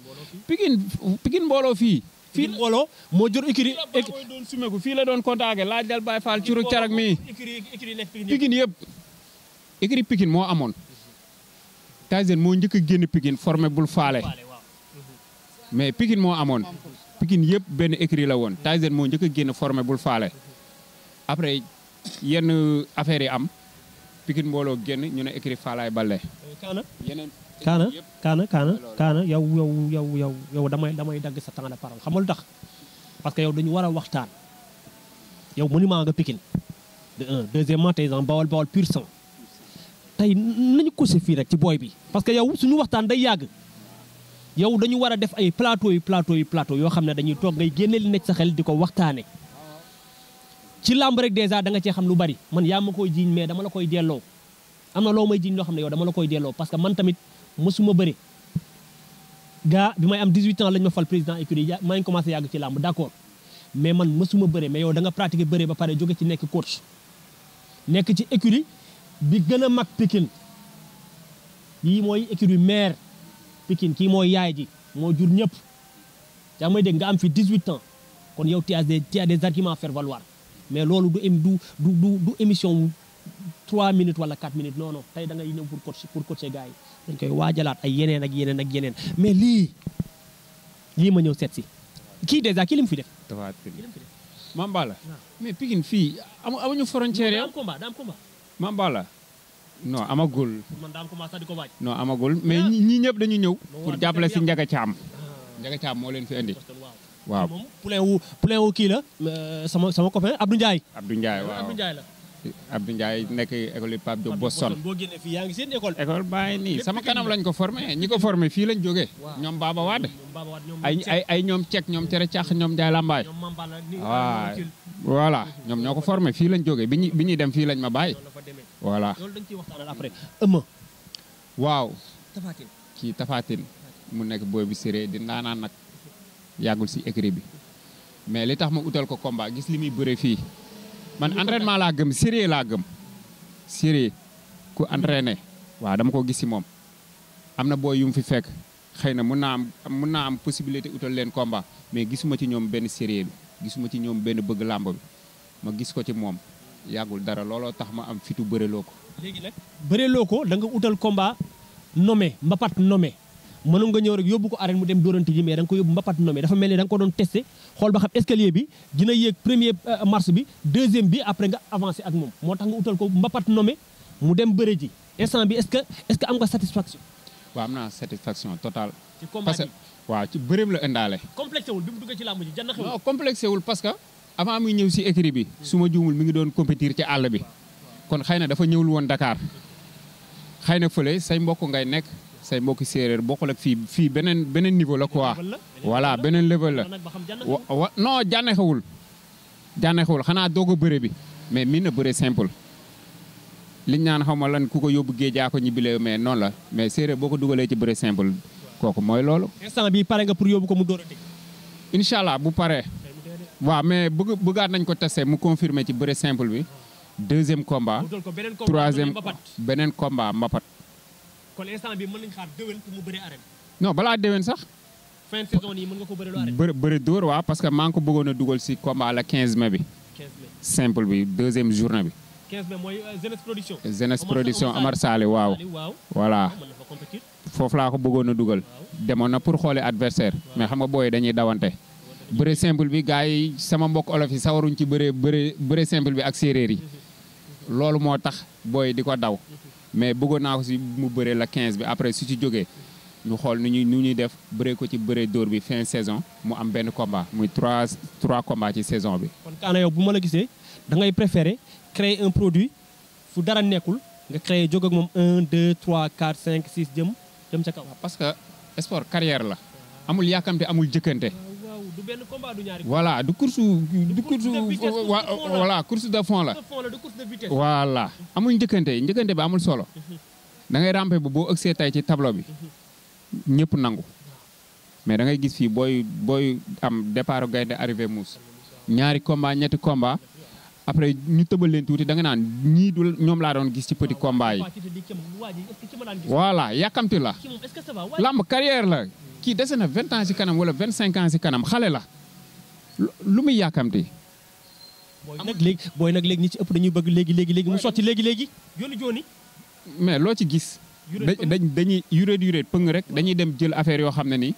Pikine mbooloo fii fii mbooloo moo jur ikiri doon sumeku fii la doon contacté laaj dal Baye Fall curug carag mii Pikine yëpp ikiri pikin moo amoon Tyson moo njëkk génn Pikine formé bul faale mais Pikine moo amoon Pikine yëpp benn écrit la woon Tyson moo njëkk génn formé bul faale après yenn affaires yi am Pikine mbooloo génn ñu ne écrit faalaay balle euh, kaana kaana kaana yow yow yow yow yow damay damay dagg sa temps de parole xam nga lu tax parce que yow dañu war a waxtaan yow monument nga Pikine de un deuxièmement tey en bawol bawol pur sang tey nañu couché fii rek ci booy bi parce que yow suñu waxtaan day yàgg yaw dañu war a def ay plateau yu plateau yu plateau yoo xam ne dañuy toog ngay génne li nekk sa xel di ko waxtaane ci làmb rek dèjà da nga cee xam lu bari man yaa ma koy jiiñ mais dama la koy delloo am na loo may jiiñ loo xam ne yow dama la koy delloo parce que man tamit mësuma bëri gaa bi may am 18 ans lañ ma fal président écurie maa ngi commencé yàgg ci làmb d'accord mais man mësuma bëre mais yow da nga bëre ba pare jóge ci nekk coach nekk ci écurie bi gën a mag Pikine yii mooy écurie maire Pikine kii mooy yaay ji moo jur ñëpp yaa may dégg nga am fi 18 ans kon yow tu as des tu as valoir mais loolu du du du du émission trois minutes wala quatre minutes non non tey da ngay ñëw pour coach pour coacher gars yi dañ koy waajalaat ay yeneen ak yeneen ak yeneen mais lii lii ma ñëw seet si kii dèjà kii li mu fi def. dafa at li mu fi def. Mambala. Ah. mais Pikine fii amu amuñu frontière yow. daa am combat daa am combat. Mambala. non amagul. man daa am combat sax di ko waaj. non mais ah. ñi ñëpp dañu ñëw. pour jàppale si ah. Ndiaga Thiam. moo leen fi indi. waaw moom poulain wu poulain kii la. Euh, sama sama copain Abdou Abdou Ndiaye nekk école Pape Diop Boston boo génnee fii yaa école école sama kanam lañ ko formé ñi ko formé fii lañ jógee ñoom Baba Wade ay ay ay ñoom Cek ñoom Tere Cax ñoom Ndiaye Lambaay voilà ñoom ñoo formé fii lañ jógee bi ñuy dem fii lañ ma bàyyi voilà waaw kii Tafatine mu nekk booy bu séré di ndaanaan nag yàggul si écrit bi mais li tax ma ko combat gis man entraînement laa gëm sérieux laa gëm sérieux ku entraîné waaw dama ko gis si moom am na boo yu mu fi fekk xëy na mun naa am mun naa am possibilité utal leen combat mais gisuma ci ñoom benn sérieux gisuma ci ñoom benn bëgg làmb ma gis ko ci moom yàggul dara looloo tax ma am fitu bëreloo ko léegi ko da nga utal komba nommé mbapat nommé mënoon nga ñëw rek yóbbu ko arène mu dem dóorante ji mais da nga ko yóbbu mbapat nommé dafa mel ni da nga ko doon testé xool ba xam escalier bi dina yéeg premier euh, marche bi deuxième bi après nga avancé ak moom moo tax nga utal ko mbapat nommé mu dem bëre ji instant bi est-ce que est am nga satisfaction waaw am naa satisfaction totale ci combat parce que la indaale complexé wul bi mu duggee ci làmb ji janna xew non complexé wul parce ñëw si écrit bi su ma juumul mi ngi doon compétir ci àll bi kon xëy na dafa ñëwul woon Dakar xëy na fële say mbokk ngay nekk say mbokki séeréer bokkul ak fii fii beneen beneen niveau la quoi voilà beneen level la wa non jànnexewul xanaa doo a bëre bi mais mii na bëre simple liñ naan xaw ma lan ku ko yóbbu géejaa ko ñibbilee mais noon la mais séeréer boo ko dugalee ci bëre simple kooku mooy loolu. instant bi pare nga pour yóbbu ko mu door a tëj. bu paree. waaw mais bëgg bëggaat nañ ko testé mu confirmer ci bëre simple bi deuxième combat troisième beneen combat mbapat kon instant bi balaa déwén sax. fin de saison waa mën nga ko bëree parce que maa ngi ko bëggoon a dugal si combat quinze 15 bi. 15 simple bi deuxième journée bi. Euh, production. jeunesse Amar Sali waaw. voilà foofu laa ko bëggoon a dugal. demoon na pour xooli adversaire mais xam nga booy dañuy dawante. bëre simple bi gars yi sama mbokk olof yi sawaruñ ci bëre bëre bëre simple bi ak séeréer yi. Mhm. Mhm. loolu moo tax booy di ko daw. Mhm. mais bëggoon naa ko si mu bëree la 15 bi après su ci jógee ñu xool nu ñuy nu ñuy def bëree ko ci bëree dóor bi fin saison mu am benn combat muy 3 trois combats ci saison bi. kon Kaana yow bu ma la gisee da ngay préférer créer un produit fu dara nekkul nga créer jóg ak moom 1 2 3 4 5 6 jëm jëm ca kaw. parce que sport carrière la amul yàkkamte amul jëkkante. du du ñaari voilà du course du course voilà course de njëkkante njëkkante bi amul solo da ngay rampe bu boo ëgsee tay ci tableau bi nangu mais da ngay gis fii booy booy am départ gaynde arrivé ñaari combat ñetti combat après ñu tëbal leen tuuti da nga naan ñii du ñoom laa doon gis ci petit combat yi voilà yàkkamti la lamb carrière la kii dese na vingt ans ci kanam wala vingt cinq ans ci kanam xale la lu muy yàkkamti. booy nag léegi booy nag léegi ñi ci ëpp dañuy bëgg léegi léegi léegi mu sotti léegi léegi. yoonu jooni mais loo ci gis. dañ dañuy yuréet yuréet pëng rek dañuy dem jël affaire yoo xam ne nii.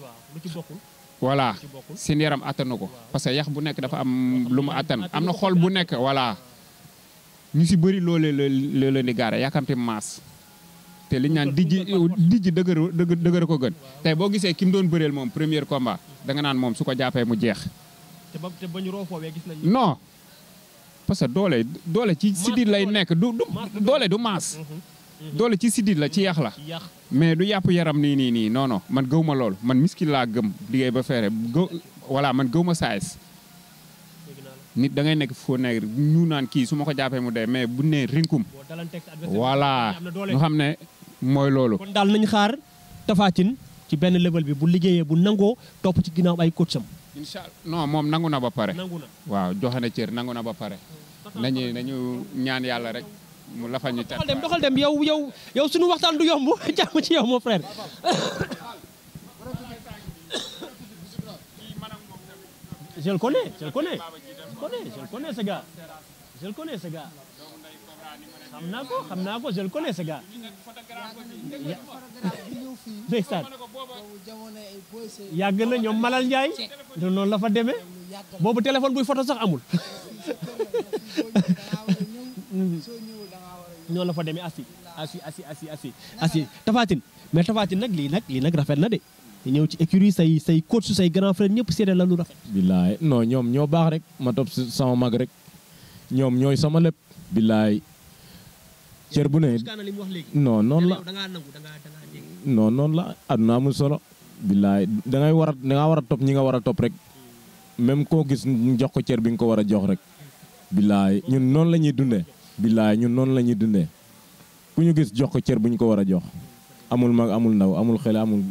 waaw lu ci bokkul. voilà seen yaram attan na ko parce que yax bu nekk dafa am lu mu attan am na xol bu nekk voilà ñu si bëri loolee la la leen di gaare yàkkamti maas. te li ñu naan dijji dijji dëgër dëgër ko gën tey boo gisee ki mu doon bëreel moom premier combat da naan moom su ko jàppee mu jeex. te ba te ba ñu roofoowee gis nañu. non parce que doole doole ci sidit lay nekk du du du maas. Mhm. Mhm. doole ci sidit la ci yàq la. mais du yàpp yaram nii nii nii non non man gëw ma loolu man miskil laa gëm liggéey ba feere gëw voilà man gëw ma saayis nit da ngay nekk foo nekk ñu naan kii su ma ko jàppee mu dee mais bu ne rinkum voilà ñu xam ne mooy loolu. kon daal nañu xaar Tapha Tine ci benn level bi bu liggéeyee bu nangoo topp ci ginnaaw ay coach am. moom nangu na ba pare. nangu na waaw joxe na cër nangu na ba pare. nañu ñaan yàlla rek. mu lafa ñu doxal dem doxal dem yow yow yow suñu waxtaan du yomb jàmm ci yow moo frère. je le xam naa ko xam naa ko je le na ñoom Malal Ndiaye. te noonu la fa demee. boobu téléphone buy photo sax amul. noonu lafa fa demee assi assi assi assi assi assi Tafatine mais Tafatine nag lii nag lii nag rafet na de. ñëw ci écurie say say coach say grand frère ñëpp seede la lu rafet. billaay noo ñoom ñoo baax rek ma topp sama mag rek ñoom ñooy sama lépp billaay. cer bu ne non noonu la non noon la àdduna amul solo billaay da ngay war a da war a topp ñi nga war a topp rek même koo gis jox ko cër bi nga ko war a jox rek billaay ñun noonu la ñuy dundee billaay ñun noonu la ñuy dundee ku ñu gis jox ko cër bu ñu ko war a jox amul mag amul ndaw amul xel amul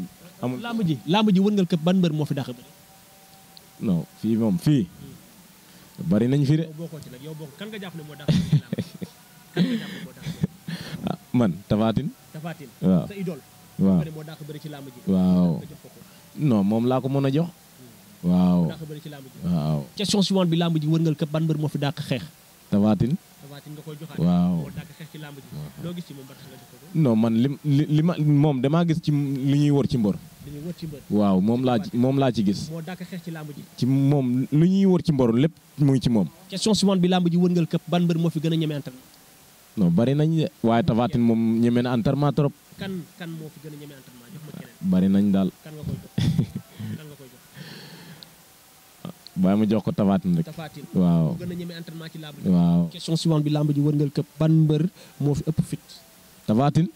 amul ji làmb ji wëngal këpp ban moo fi dàq fii moom fii bari nañ fii de kan nga man Tafatine. Tafatine waaw sa idole. Hmm. waaw moo dàq bëri ci làmb ji. waaw non moom laa ko mën a jox. waaw dàq bëri ci làmb bi làmb ji wërngal këpp moo fi dàq xeex. Tafatine. Tafatine nga koy joxaat. waaw moo dàq xeex ci làmb ji. loo man li ma moom damaa gis ci li ñuy wër ci mbor. li ñuy wër ci waaw moom laa moom laa ci gis. moo dàq xeex ci moom lu ñuy wër ci mbor lépp muy ci moom. question suivante bi làmb ji wërngal këpp ban mbër moo fi gën a ñeme non bari nañ waaye Tapha moom ñeme na entraînement trop. a ñeme bari nañ daal. kan nga koy jox kan nga koy jox. bàyyi ma jox ko Tapha Tine rek. waaw a ci làmb ji. waaw question mbër moo fi ëpp fit. Tapha Tine.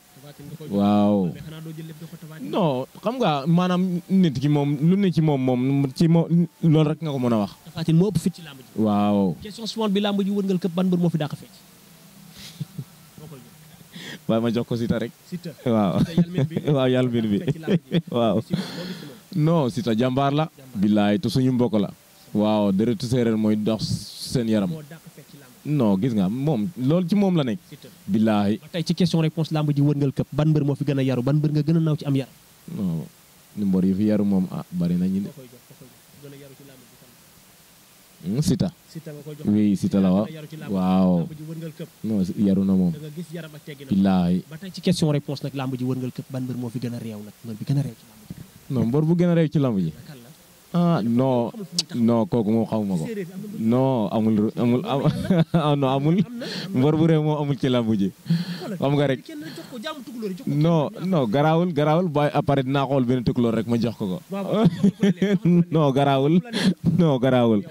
xam nga maanaam nit ki moom lu ne ci moom moom ci moom loolu rek nga ko mën a wax. Tapha Tine moo ëpp fit ci làmb ji. waaw question suivante bi làmb ji këpp ban mbër moo fi dàq fecc waaye ma jox ko Siteu rek. waaw waaw yàlla bi waaw. non Siteu jàmbaar la. billaay te suñu mbokk la. waaw dëretu séeréer mooy dox seen yaram. non gis nga moom loolu ci moom la nekk. billaay. tey ci question réponse lamb ji wërngal këpp ban mbër moo fi gën a yaru ban mbër nga gën a ci am yar. non mbër yi fi yaru moom ah bari na ñu de. oui Siteu la waaw waaw non yaru na moom. billaay. ba tey ci question réponse nag làmb ji wërngal këpp ban mbër moo fi gën a réew nag mbër bi a réew ci làmb ji. non mbër bu gën a réew ci làmb ji. ah non non kooku moom xamuma ko noo amul amul non amul mbër bu réew moom amul ci làmb ji xam nga rek non non garaawul garaawul ba après dinaa xool benn tukulóor rek ma jox ko ko non garaawul non garaawul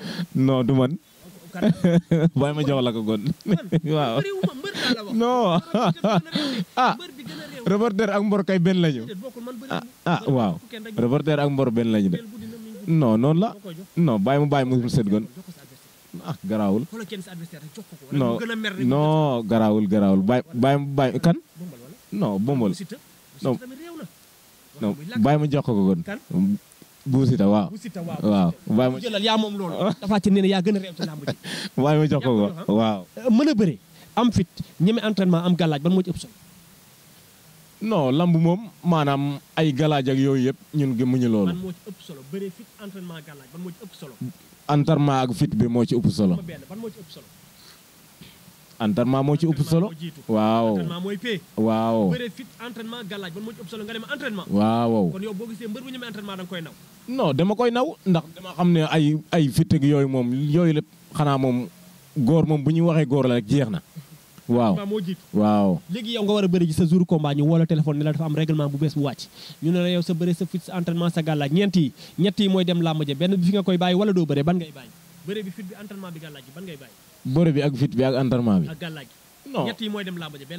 non du man bàyyi ma jox la ko gon waaw non ah reporter ak mbor kay benn lañu ah, ah waaw reporter ak mbor benn lañu de non noonu la non bàyyi mu bàyyi mu set gon ah garaawul non garaawul garaawul bàyyi bàyyi bàyyi kan non bombol non bàyyi ma jox ko gon bu Siteu waaw. bu Siteu waaw. waaw mu jëlal yaa moom loolu. dafa ci nee yaa gën a réew ci làmb ji. waaye ma jox ko ko waaw. Ah. mën a bëre am fit ñeme entraînement am gàllaaj ban moo ci ëpp solo. non lamb moom maanaam ay galaaj ak yooyu yëpp ñun gëmuñu loolu. ban moo ci ëpp solo bëre fit entraînement galaaj ban moo ëpp solo. entraînement ak fit bi moo ci ëpp solo. ban moo ci ëpp solo. entraînement moo ci ëpp solo waaw waaw waaw kon yow boo gisee mbër bu ñemee entraînement da nga koy naw non dama koy naw ndax dama xam ne ay ay fitteg yooyu moom yooyu lépp xanaa moom góor moom bu ñu waxee góor la rek jeex na waaw waaw léegi yow nga war a bëri ji sa jour combat ñu woo la téléphone ne la dafa am règlement bu bees bu wàcc ñu ne la yow sa bëre sa fit sa entraînement sa gàllaaj ñeent yi mooy dem làmb ja benn bi fi nga koy bàyyi wala doo bëre ban ngay bàyyi bëre bi fit bi entraînement bi gàllaaj ban ngay bàyyi. bëre bi ak fit bi ak entraînement bi. ak gàllaaj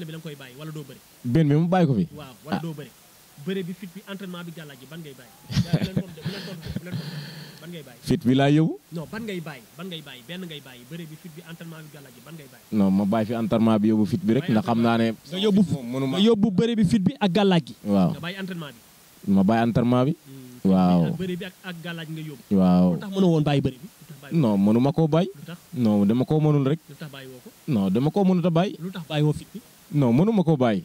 bi koy bàyyi wala doo bëri. benn fi. waaw wala ah. doo bi fit bi entraînement ban ngay bàyyi. ban ngay bàyyi. fit bi laa yóbbu. non ban ngay bàyyi ban ngay bàyyi benn ngay bàyyi bëre bi fit bi bi gàllaaj ban ngay bàyyi. non ma fi bi rek ndax xam naa ne. nga yóbbu bëre bi fit bi ak gàllaaj gi. waaw nga bàyyi entraînement bi. ma bàyyi entraînement bi. Hmm. waaw bëri bi ak ak gàllaaj nga yóbbu waaw lu tax mënu woon bàyyi bëri bi non mënu ma koo bàyyi non dama koo mënul rek lu tax bàyyi woo ko non dama koo mënut a bàyyi lu tax bàyyi woo fit bi non ma koo bàyyi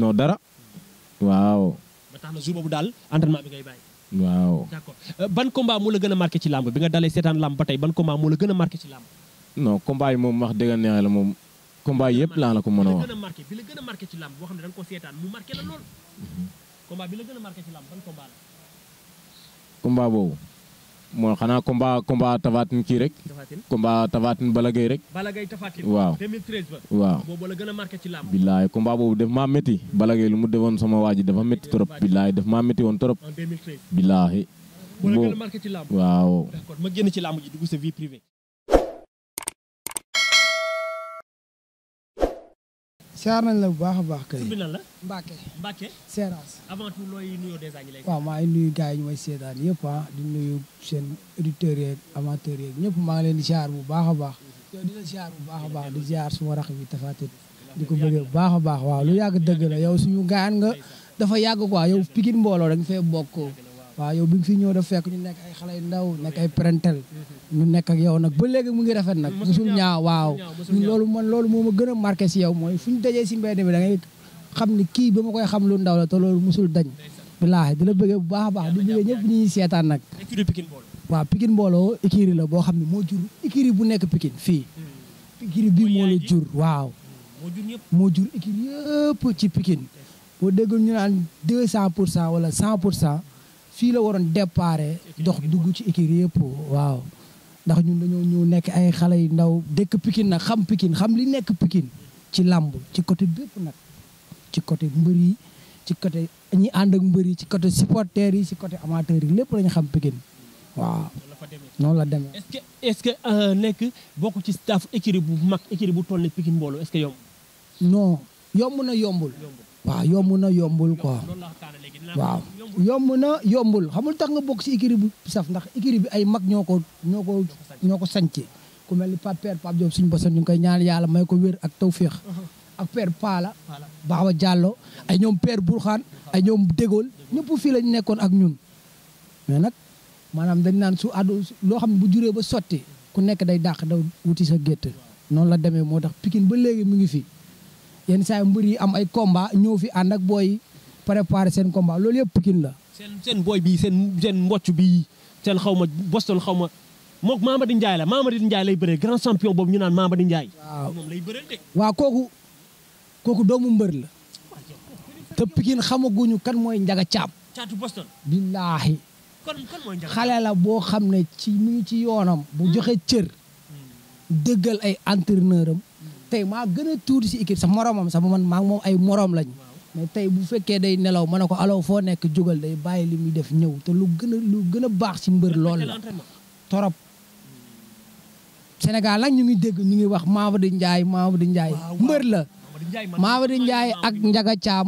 non dara waaw ba na jour boobu daal entraînement bi ngay bàyyi waaw d'accord euh, ban combat moo la gën a marqué ci làmb bi nga dalee seetaan làmb ba tey ban combat moo la gën a marqué ci làmb non combat yi moom wax dëgg neex la moom combat yëpp laa la ko mën a wax bi la gën a marqué ci làmb boo xam ne da nga ko seetaan mu mhm. a combat boobu moo xanaa combat combat Tafatine kii rek. combat Tafatine Balla Gaye rek. Balla Gaye Tafatine. waaw 2013 ba. waaw boobu la a marqué ci làmb. billaay combat boobu daf ma métti. Balla Gaye lu mu defoon sama waa ji dafa métti trop. billaay daf maa métti woon trop. billaahi. la gën a marqué ci waaw. siyaar nañ la bu baax a baax kay. tur bi nan la Mbacke. Mbacke Seras. avant maa ngi nuyu gars yi ñu may seetaan yëpp ah, di nuyu seen auditeurs yeeg amateurs yeeg ñëpp maa leen di siyaar bu baax a baax. yow di la bu baax a baax di siyaar suma rax bi tafaati di ko bëgg bu baax a baax waaw lu yàgg dëgg la si yu gaan nga dafa yàgg ko yow Pikine mbooloo dañ fee bokk. waaw yow bi nga fi ñëw dafa fekk ñu nekk ay xale yu ndaw nekk ay parentel ñu nekk ak yow nag ba léegi mu ngi rafet nag musul ñaaw waaw loolu man loolu moo ma gën a marqué si yow mooy fu ñu dajee si mbedd bi da ngay xam ni kii ba ma koy xam lu ndaw la te loolu musul dañ bilaahi di la bëggee bu baax a baax di bëggee ñëpp ñuy seetaan nag waaw pikin mbooloo ikiri la boo xam ne moo jur écurie bu nekk Pikine fii hmm. écurie bii moo la jur waaw hmm, moo jur écurie yëpp ci Pikine boo déggoon ñu naan deux cent pour cent wala cent pour cent fii la waroon départ dox dugg ci écurie yëpp waaw ndax ñun dañoo ñëw nekk ay xale yu ndaw dëkk Pikine nag xam Pikine xam li nekk pikin ci làmb ci côté bépp nag ci côté mbër yi ci côté ñi ànd ak mbër yi ci côté supporters yi ci côté amateurs yi lépp lañu xam Pikine waaw noonu la demee est-ce que est euh, nekk bokk ci staff écurie bu mag écurie bu toll ni Pikine mbooloo est que yomb non yomb na yombul waaw yombu na yombul quoi waaw yomb na yombul xamul tax nga bokk si écurie bu saf ndax écurie bi ay mag ñoo ko ñoo ko ñoo ko sañce ku mel ni Pape Père Pape Diop suñu bosan ñu ngi koy ñaan yàlla may ko wér ak tawféex ak Père Pala Baawa Diallo ay ñoom Père Bourkhane ay ñoom Dégol ñëpp fii lañ nekkoon ak ñun mais nag maanaam dañ naan su àddu loo xam ne bu juree ba sotti ku nekk day dàq da wuti sa gétt noonu la demee moo tax Pikine ba léegi mu ngi fi yenn saa mbër yi am ay komba ñëw fi ànd ak booy préparer seen combat loolu yëpp kin la. seen seen booy bii seen seen mbocc bii seen xaw ma Boston xaw ma moom Mamadi Ndiaye la Mamadi Ndiaye lay bëree grand champion boobu ñu naan Mamadi Ndiaye. waaw moom lay bëree waaw kooku kooku doomu mbër la. te Pikine xamaguñu kan mooy Ndiaga Thiam. caatu Boston. billaahi. kon kon mooy Ndiaga boo xam ne ci mu ngi ci yoonam. bu joxe cër. Hmm. dëggal ay entraîneur am. tey maa gën a tuuti si équipe sax moromam sax man maa moom ay morom lañ mais tey bu fekkee day nelaw ma ne ko alaw foo nekk jógal day bàyyi li muy def ñëw te lu gën a lu gën a baax si mbër lool la torop senegal nag ñu ngi dégg ñu ngi wax Mamadou Ndiaye Mamadou Ndiaye mbër la Mamadou Ndiaye ak Ndiaga Thiam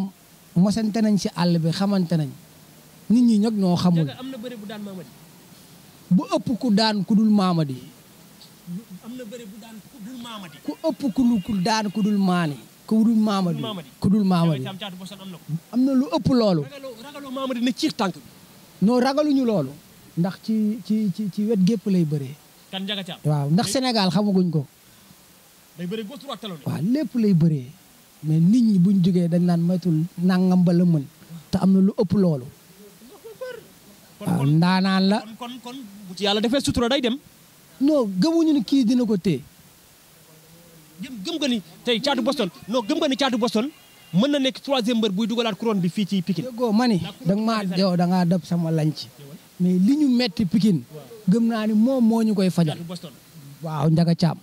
mosante nañ si àll bi xamante nañ nit ñi ñag ñoo xamul bu ëpp ku daan ku dul ku ëpp ku dul daan ku dul maani ku dul maamadi ku dul maamadi am na lu ëpp loolu non ragaluñu loolu ndax ci ci ci ci wet gépp lay bëree waaw ndax Sénégal xamaguñ ko waaw lépp lay bëree mais nit ñi buñ jógee dañ naan moytul nangam ba la mën te am na lu ëpp loolu waaw ndaanaan la kon kon bu ci yàlla defee sutura day dem non gëmuñu ni kii dina ko téye gëm gëm nga ni tey caatu Boston no gëm nga ni caatu Boston mën na nekk troisième mbër buy dugalaat couronne bi fii ci Pikine. déggoo ma ni da nga maa yow da ngaa dab sama lanc mais li metti Pikine gëm naa ni moom moo koy fajal waaw Ndiaga Thiam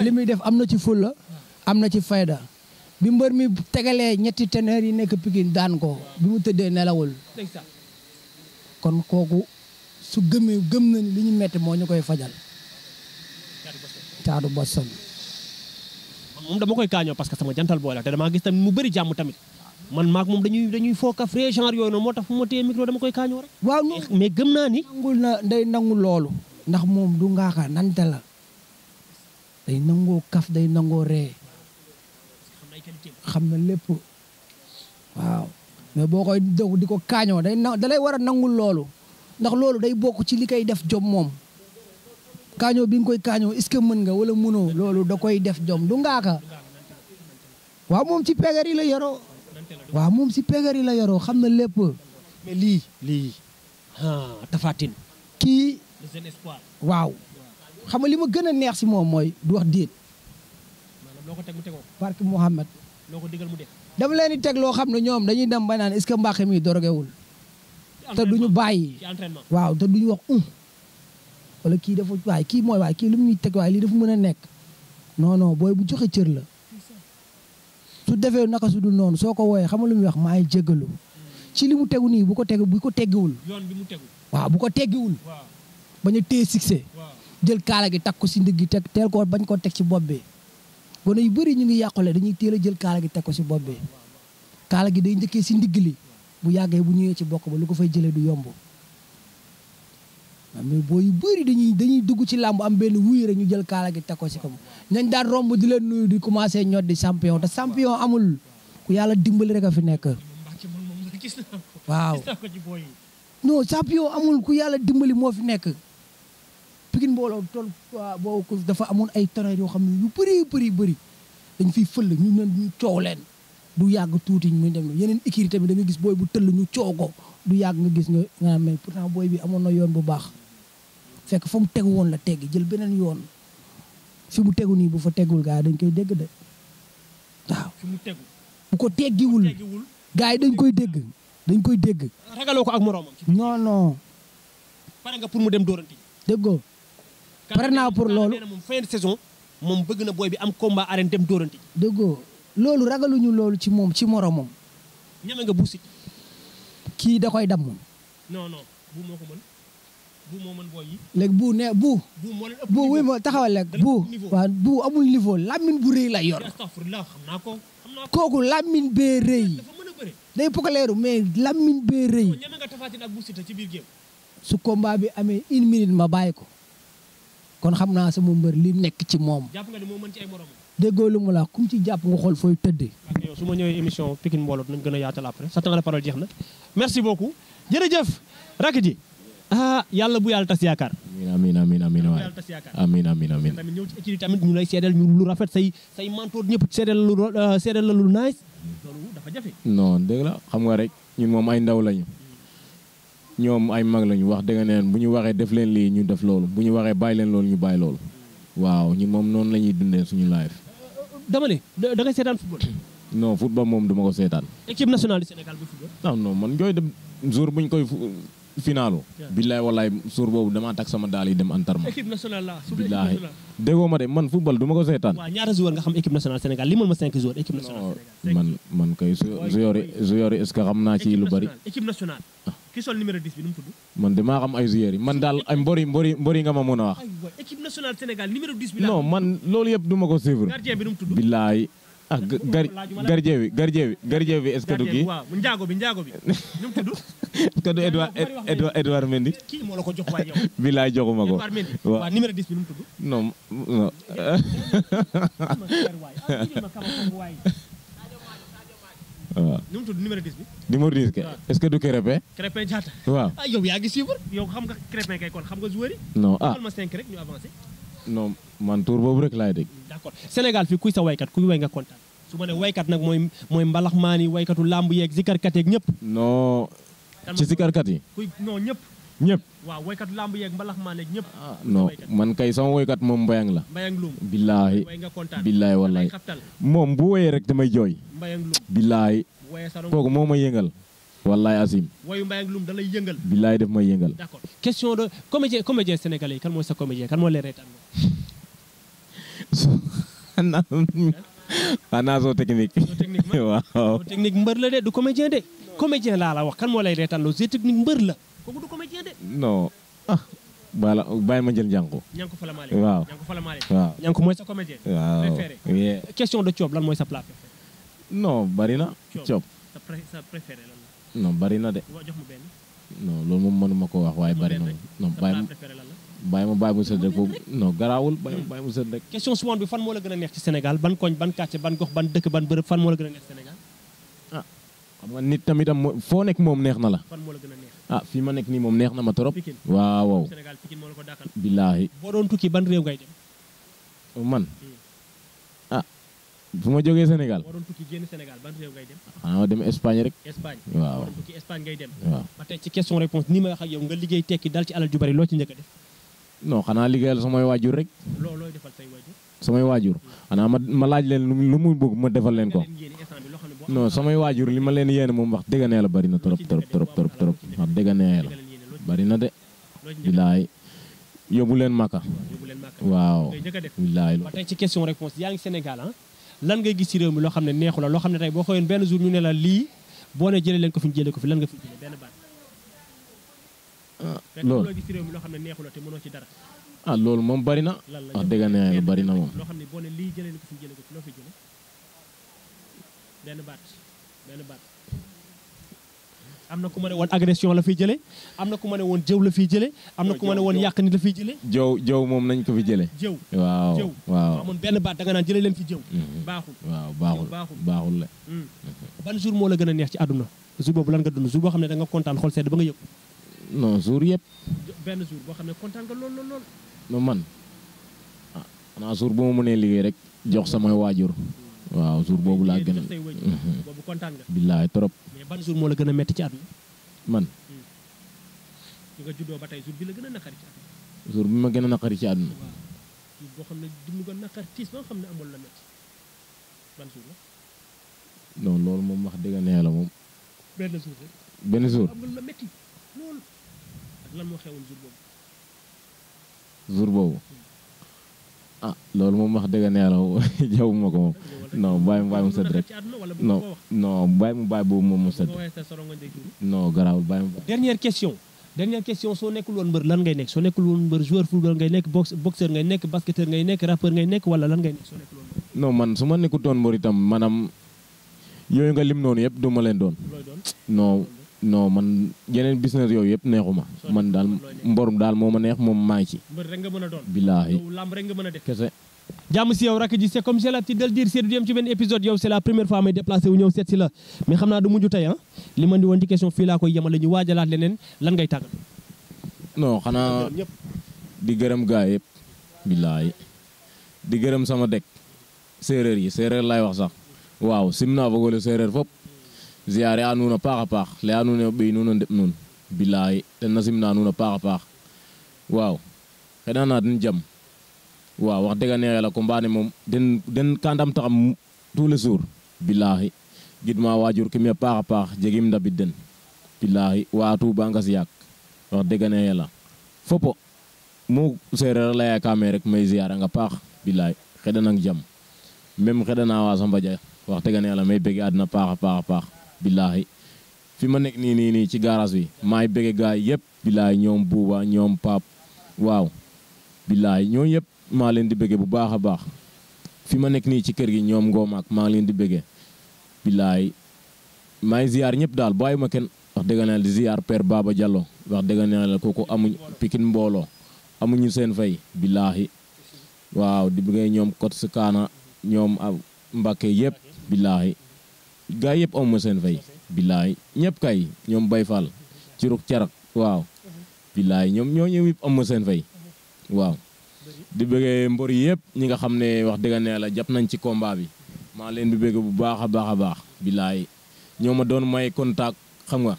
limi def am na ci fulla ah. am na ci fayda bi mbër mi tegalee ñetti ténor yi nekk Pikine dan ko bi mu tëddee nelawul kon kooku su gëmee gëm na ni li metti moo koy fajal taatu Boston. moom dama koy kaañoo parce que sama jantal booy la te damaa gis tamit mu bëri jàmm tamit man maak moom dañuy dañuy fooka frais genre yooyu noonu moo tax fu ma téye micro dama koy kaañoo rek. waaw mais gëm naa ni. nangul na day nangu loolu. ndax moom du ngaaka nante la day nangoo kaf day nangoo ree xam na lépp waaw mais boo koy dog di ko kaañoo day na da war a nangul loolu ndax loolu day bokk ci li koy def jom moom. kaño bi ngui koy kaño est-ce que mën nga wala meuno lolou da koy def jom du nga ka wa mom ci pegari la yoro wa mom ci pegari la yoro xamna lepp mais li li ha tafatin kii waaw xam nga li ma gën a neex ci mom moy du wax manam loko loko mohammed déet mu def dama leen di tek lo xam ñom dañuy dem banane est-ce que mbaaxe mi dorogewul te duñu bayyi waaw te duñu wax wala kii dafa waaye kii mooy waaye kii lu mu ñuy teg waaye lii dafa mën a nekk non booy bu joxe cër la su defee naka su dul noonu soo ko wooyee xam nga lu muy wax maay jéggalu ci li mu tegu nii bu ko teg bu ko teggiwul. yoon bi waaw bu ko teggiwul. bañ a téye succès. jël gi takk ko si ndigg teg teel ko koo teg ci bopp bi gone yu bëri ñu ngi yàqule dañuy teel jël kaala gi teg ko ci bopp bi kaala gi day njëkkee si ndigg li bu yàggee bu ñëwee ci bokk ba lu ko fay jëlee du yomb. Ah, mais boo yu bëri dañuy dañuy dugg ci làmb am benn wuyu rek ñu jël kaala gi teg ko si kam nañ daan romb di leen nuyu di commencé ñot di champion te champion amul ku yàlla dimbali rek a fi nekk waaw non champion amul ku yàlla dimbali moo fi nekk Pikine mbooloo tool boobu dafa amoon ay tonnerre yoo xam ne yu bëri bëri bëri dañ fiy fël ñu nen ñu coow leen du yàgg tuuti ñu dem yeneen écurie tamit da nga gis booy bu tëll ñu coow ko du yàgg nga gis nga mais pourtant booy bi amoon na yoon bu baax fekk fa mu tegu woon la teggi jël beneen yoon fi mu tegu nii bu fa tegul gaa yi dañ koy dégg de waaw. fi mu tegu bu ko teggiwul gars yi dañ koy dégg dañ koy dégg. ragaloo ko ak moroomam. non non. pare nga pour mu dem dóoranti. déggoo pare naa pour loolu. fin de saison moom na booy bi am combat arène dem dóoranti. déggoo loolu ragaluñu loolu ci moom ci moroomam. ñeme nga buusi. kii da koy damm. non léegi bu ne bu bu wuy ma taxawal lekk bu waaw bu amul niveau làmmiñ bu rëy la yor kooku làmmiñ bee rëy day pokaleeru mais làmmiñ bee rëy su combat bi amee une minute ma bàyyi ko kon xam naa sa sama mbër li nekk ci moom déggoo lu mu la kum ci jàpp nga xool fooy tëddee. yow su ma ñëwee émission Pikine mbooloo dinañ gën a yaatal après sa temps de parole jeex na merci beaucoup jërëjëf rakk ji ah yàlla bu yàlla tas yaakaar amiin amiin amiin waay amiin amiin amiin tamit ñëw ci équipe tamit ñu lay seedal ñu lu rafet say say ñëpp seedal lu seedal la lu nice loolu dafa jafe la xam nga rek ñun moom ay ndaw lañu ñoom ay mag lañu wax dëgg neen bu ñu waxee def leen lii ñu def loolu bu ñu waxee bàyyi leen loolu ñu bàyyi loolu waaw ñun moom noonu la ñuy dundee suñu live dama ne da ngay seetaan football moom duma ko seetaan équipe nationale du Sénégal bu football non non man jooy dem jour buñ koy finaalu billaay wallaay suur boobu damaa tak sama daal yi dem antarma équipe nationale déggoo ma de man football du ko seetaan nga xam naa ci lu bari ah. man damaa xam ay joueurs yi man daal ay mbori mbori nga ma mën a wax équipe man loolu yëpp du ko suivre gardien ah gar gardien bi gardien bi gardien bi est-ce que du kii njaago bi njaago bi ñu tudd est-ce que du Edouard Edouard bi laa joxuma ko waaw numéro 10 bi nu ke est-ce que du waaw ah yow yaa ngi yow xam nga Krépin kay kon xam nga joueur yi ah ma man tuur boobu rek laay dégg. d'accord Sénégal fii kuy sa waykat kuy way nga kontaan su ma ne waykat nag mooy mooy mbalax maan yi waykatu làmb yeeg zikarkat yeeg ñëpp. non ci zikarkat yi. kuy ñëpp. ñëpp waaw waykat làmb yeeg mbalax maan yeeg ñëpp. ah non man kay sama waykat moom mbayang la. mbayang lum billaahi billaahi wallaahi moom bu woyee rek damay jooy. mbayang lum billaahi kooku moo ma yëngal. wallaay Azim. wayu Mbayang Loum da lay yëngal. billaay def may yëngal. d'accord question de comédien comédien sénégalais kan mooy sa comédien kan moo xanaa soo ah, technique. waaw technique mbër la de du comédien de. comédien laa la wax kan moo lay reetaan ah, ma jël Ndiankou. Ndiankou Fala Malick waaw Ndiankou Fala Malick. de Thiop lan mooy sa plat na. de. jox ma loolu moom mënuma ko wax waaye bari na. non bàyyi ma bàyyi ma bàyyi ma sën rek boobu non garaawul bàyyi ma bàyyi ma sën rek. question suivante bi fan moo la gën a neex ci Sénégal ban koñ ban quartier ban gox ban dëkk ban bërëb fan moo la gën a neex Sénégal. ah xam nga nit tamit am foo nekk moom neex na la. fan moo la gën a neex. ah fii ma nekk nii moom neex na ma trop. Pikine waaw waaw. Sénégal Pikine moo boo doon tukki ban réew ngay dem. man hmm. ah fu ma jógee Sénégal. boo doon tukki génn Sénégal ban réew ngay dem. xanaa ma dem Espagne rek. Espagne waaw boo waaw ba tey ci question ni ma wax ak yow tekki dal ci ju bari loo ci njëkk def non xanaa liggéeyal samay waajur rek. loo looy defal say waajur. samay waajur xanaa ma ma laaj leen lu mu bëgg ma defal leen ko. non samay waajur li ma leen yéene moom wax dëgg nee la bari na trop trop trop trop trop nee la bari na de. bilaay yóbbu leen Maka. waaw bilaay. tey ci question réponse yaa ngi Sénégal ah? lan ngay gis ci réew mi loo xam ne neexu la loo xam ne tey boo xoolee benn jour ñu ne la lii boo ne jëlee leen ko fi ñu jëlee ko fi lan nga fi Ah, loolu ah loolu moom bari na wax ah, dëgg ne lu bari na moom. am na ku ma ne woon agression la fiy jëlee am na ku ma ne woon jëw la fi jëlee am na ku ma ne woon yàq nit la fiy jëlee. jëw jëw moom nañ ko fi jëlee. jëw waaw waaw benn baat da nga naan jëlee leen fi jëw. Mhm. baaxul waaw baaxul baaxul la. Mm. ban jour moo la gën a neex ci àdduna jour boobu lan nga dund jour boo xam ne da kontaan xol sedd ba nga yëg. non jour yëpp. benn jour boo xam ne kontaan nga lool lool lool. non man ah xanaa ma mënee liggéey rek jox samay waajur. waaw jour boobu laa gën a. Mhm. boobu kontaan nga. billaay trop. mais ban jour gën a man. bi hmm. nga tey jour la gën a naqari ci ma gën a naqari ci at mi. waaw jour loolu moom wax dëgg neex la moom. benn jour la lan moo xewoon jour boobu. jour boobu ah loolu moom wax dëgg neela jaww ma ko moom non bàyyi mu bàyyi mu sëdd rek non non bàyyi mu bàyyi boobu moom mu sëdd no garaawul bàyyi mu bàyyi. dernière question dernière question soo nekkul woon mbër lan ngay nekk soo nekkul woon mbër joueur football ngay nekk box boxeur ngay nekk basketteur ngay nekk rappeur ngay nekk wala lan ngay nekk soo nekkul woon man su ma nekkutoon mbër itam maanaam yooyu nga lim noonu yëpp du leen doon non. non man yeneen business yooyu yëpp neexuma man daal mborum daal moo ma neex moom maa ngi ci. mbër a doon billaahi lamb rek nga mën a def kese. jàmm si yow rak ji c'est comme si la ti del dire seedu dem ci benn épisode yow c'est première fois may déplacé wu ñëw seet si la mais xam naa du mujj tey ah li man di woon di question fii laa koy yemale ñu waajalaat leneen lan ngay tàggat. non xanaa di gërëm gaa yëpp. billaahi di gërëm sama dëkk séeréer yi séeréer laay wax sax waaw sim naa bëggoon séeréer ziare a nuun a paax a paax leya nuun ne o ɓiy nuun o ndeɓ nuun bilaay na simna nuun a paax a den jam waaw wax dega ne yàlla combat den den kandam ndam taxam tous les jours bilahi gidma wajur kimia mi a paax a paax den bilahi watu tuuba ngas wax dega fopo mu seereer laya kaame rek may ziare nga paax bilaay jam même xeɗana waa samba dia wax dega ne yàlla may bege adna paax a paax billaahi fi ma nekk nii nii nii ci garage bi maay bëgge gaay yëpp billaahi ñoom buuba ñoom pap waaw billaahi ñoo yëpp maa leen di bëgge bu baax a baax fi ma nekk nii ci kër gi ñoom ngoomaak maa leen di bëgge billaahi maay ziyaar ñëpp daal bàyyi ma kenn wax dëgg di ziyaar père Baba Diallo wax dëgg ko la kooku pikin mbooloo amuñu seen fay billaahi waaw di bëggee ñoom kot si kaana ñoom Mbàkke yëpp billaahi gaa yëpp am ma seen fay. billaay ñëpp kay ñoom bay fall ci ruk carak waaw. billaay ñoom ñoo ñëw yëpp am ma seen fay. waaw di bëggee mbër yëpp ñi nga xam ne wax dëgg la jàpp nañ ci combat bi. maa leen di bëgg bu baax a baax a baax. billaay ñoo ma doon may contact xam nga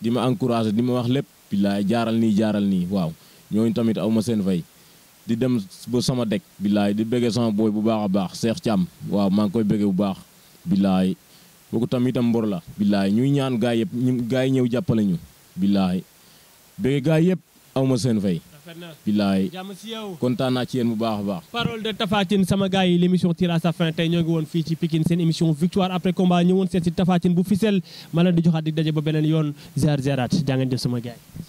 di ma encouragé di ma wax lépp. billaay jaaral nii jaaral nii waaw ñooñu tamit aw ma seen fay. di dem ba sama dëkk billaay di bëggee sama booy bu baax a baax Cheikh Thiam waaw maa ngi koy bëggee bu baax kooku tam itam mbor la billaay ñuy ñaan gaay yëpp ñu gaay ñëw jàppale ñu billaay bëgg gaay yëpp awma seen fay billaay kontaan naa ci yéen bu baax a baax parole de Tapha sama gars yi l'émission tire à tey ñoo ngi woon fii ci Pikine seen émission victoire après combat ñëwoon seen si Tapha bu ficelle ma leen di joxaat di daje ba beneen yoon ziar ziaraat jaa ngeen jëf sama gars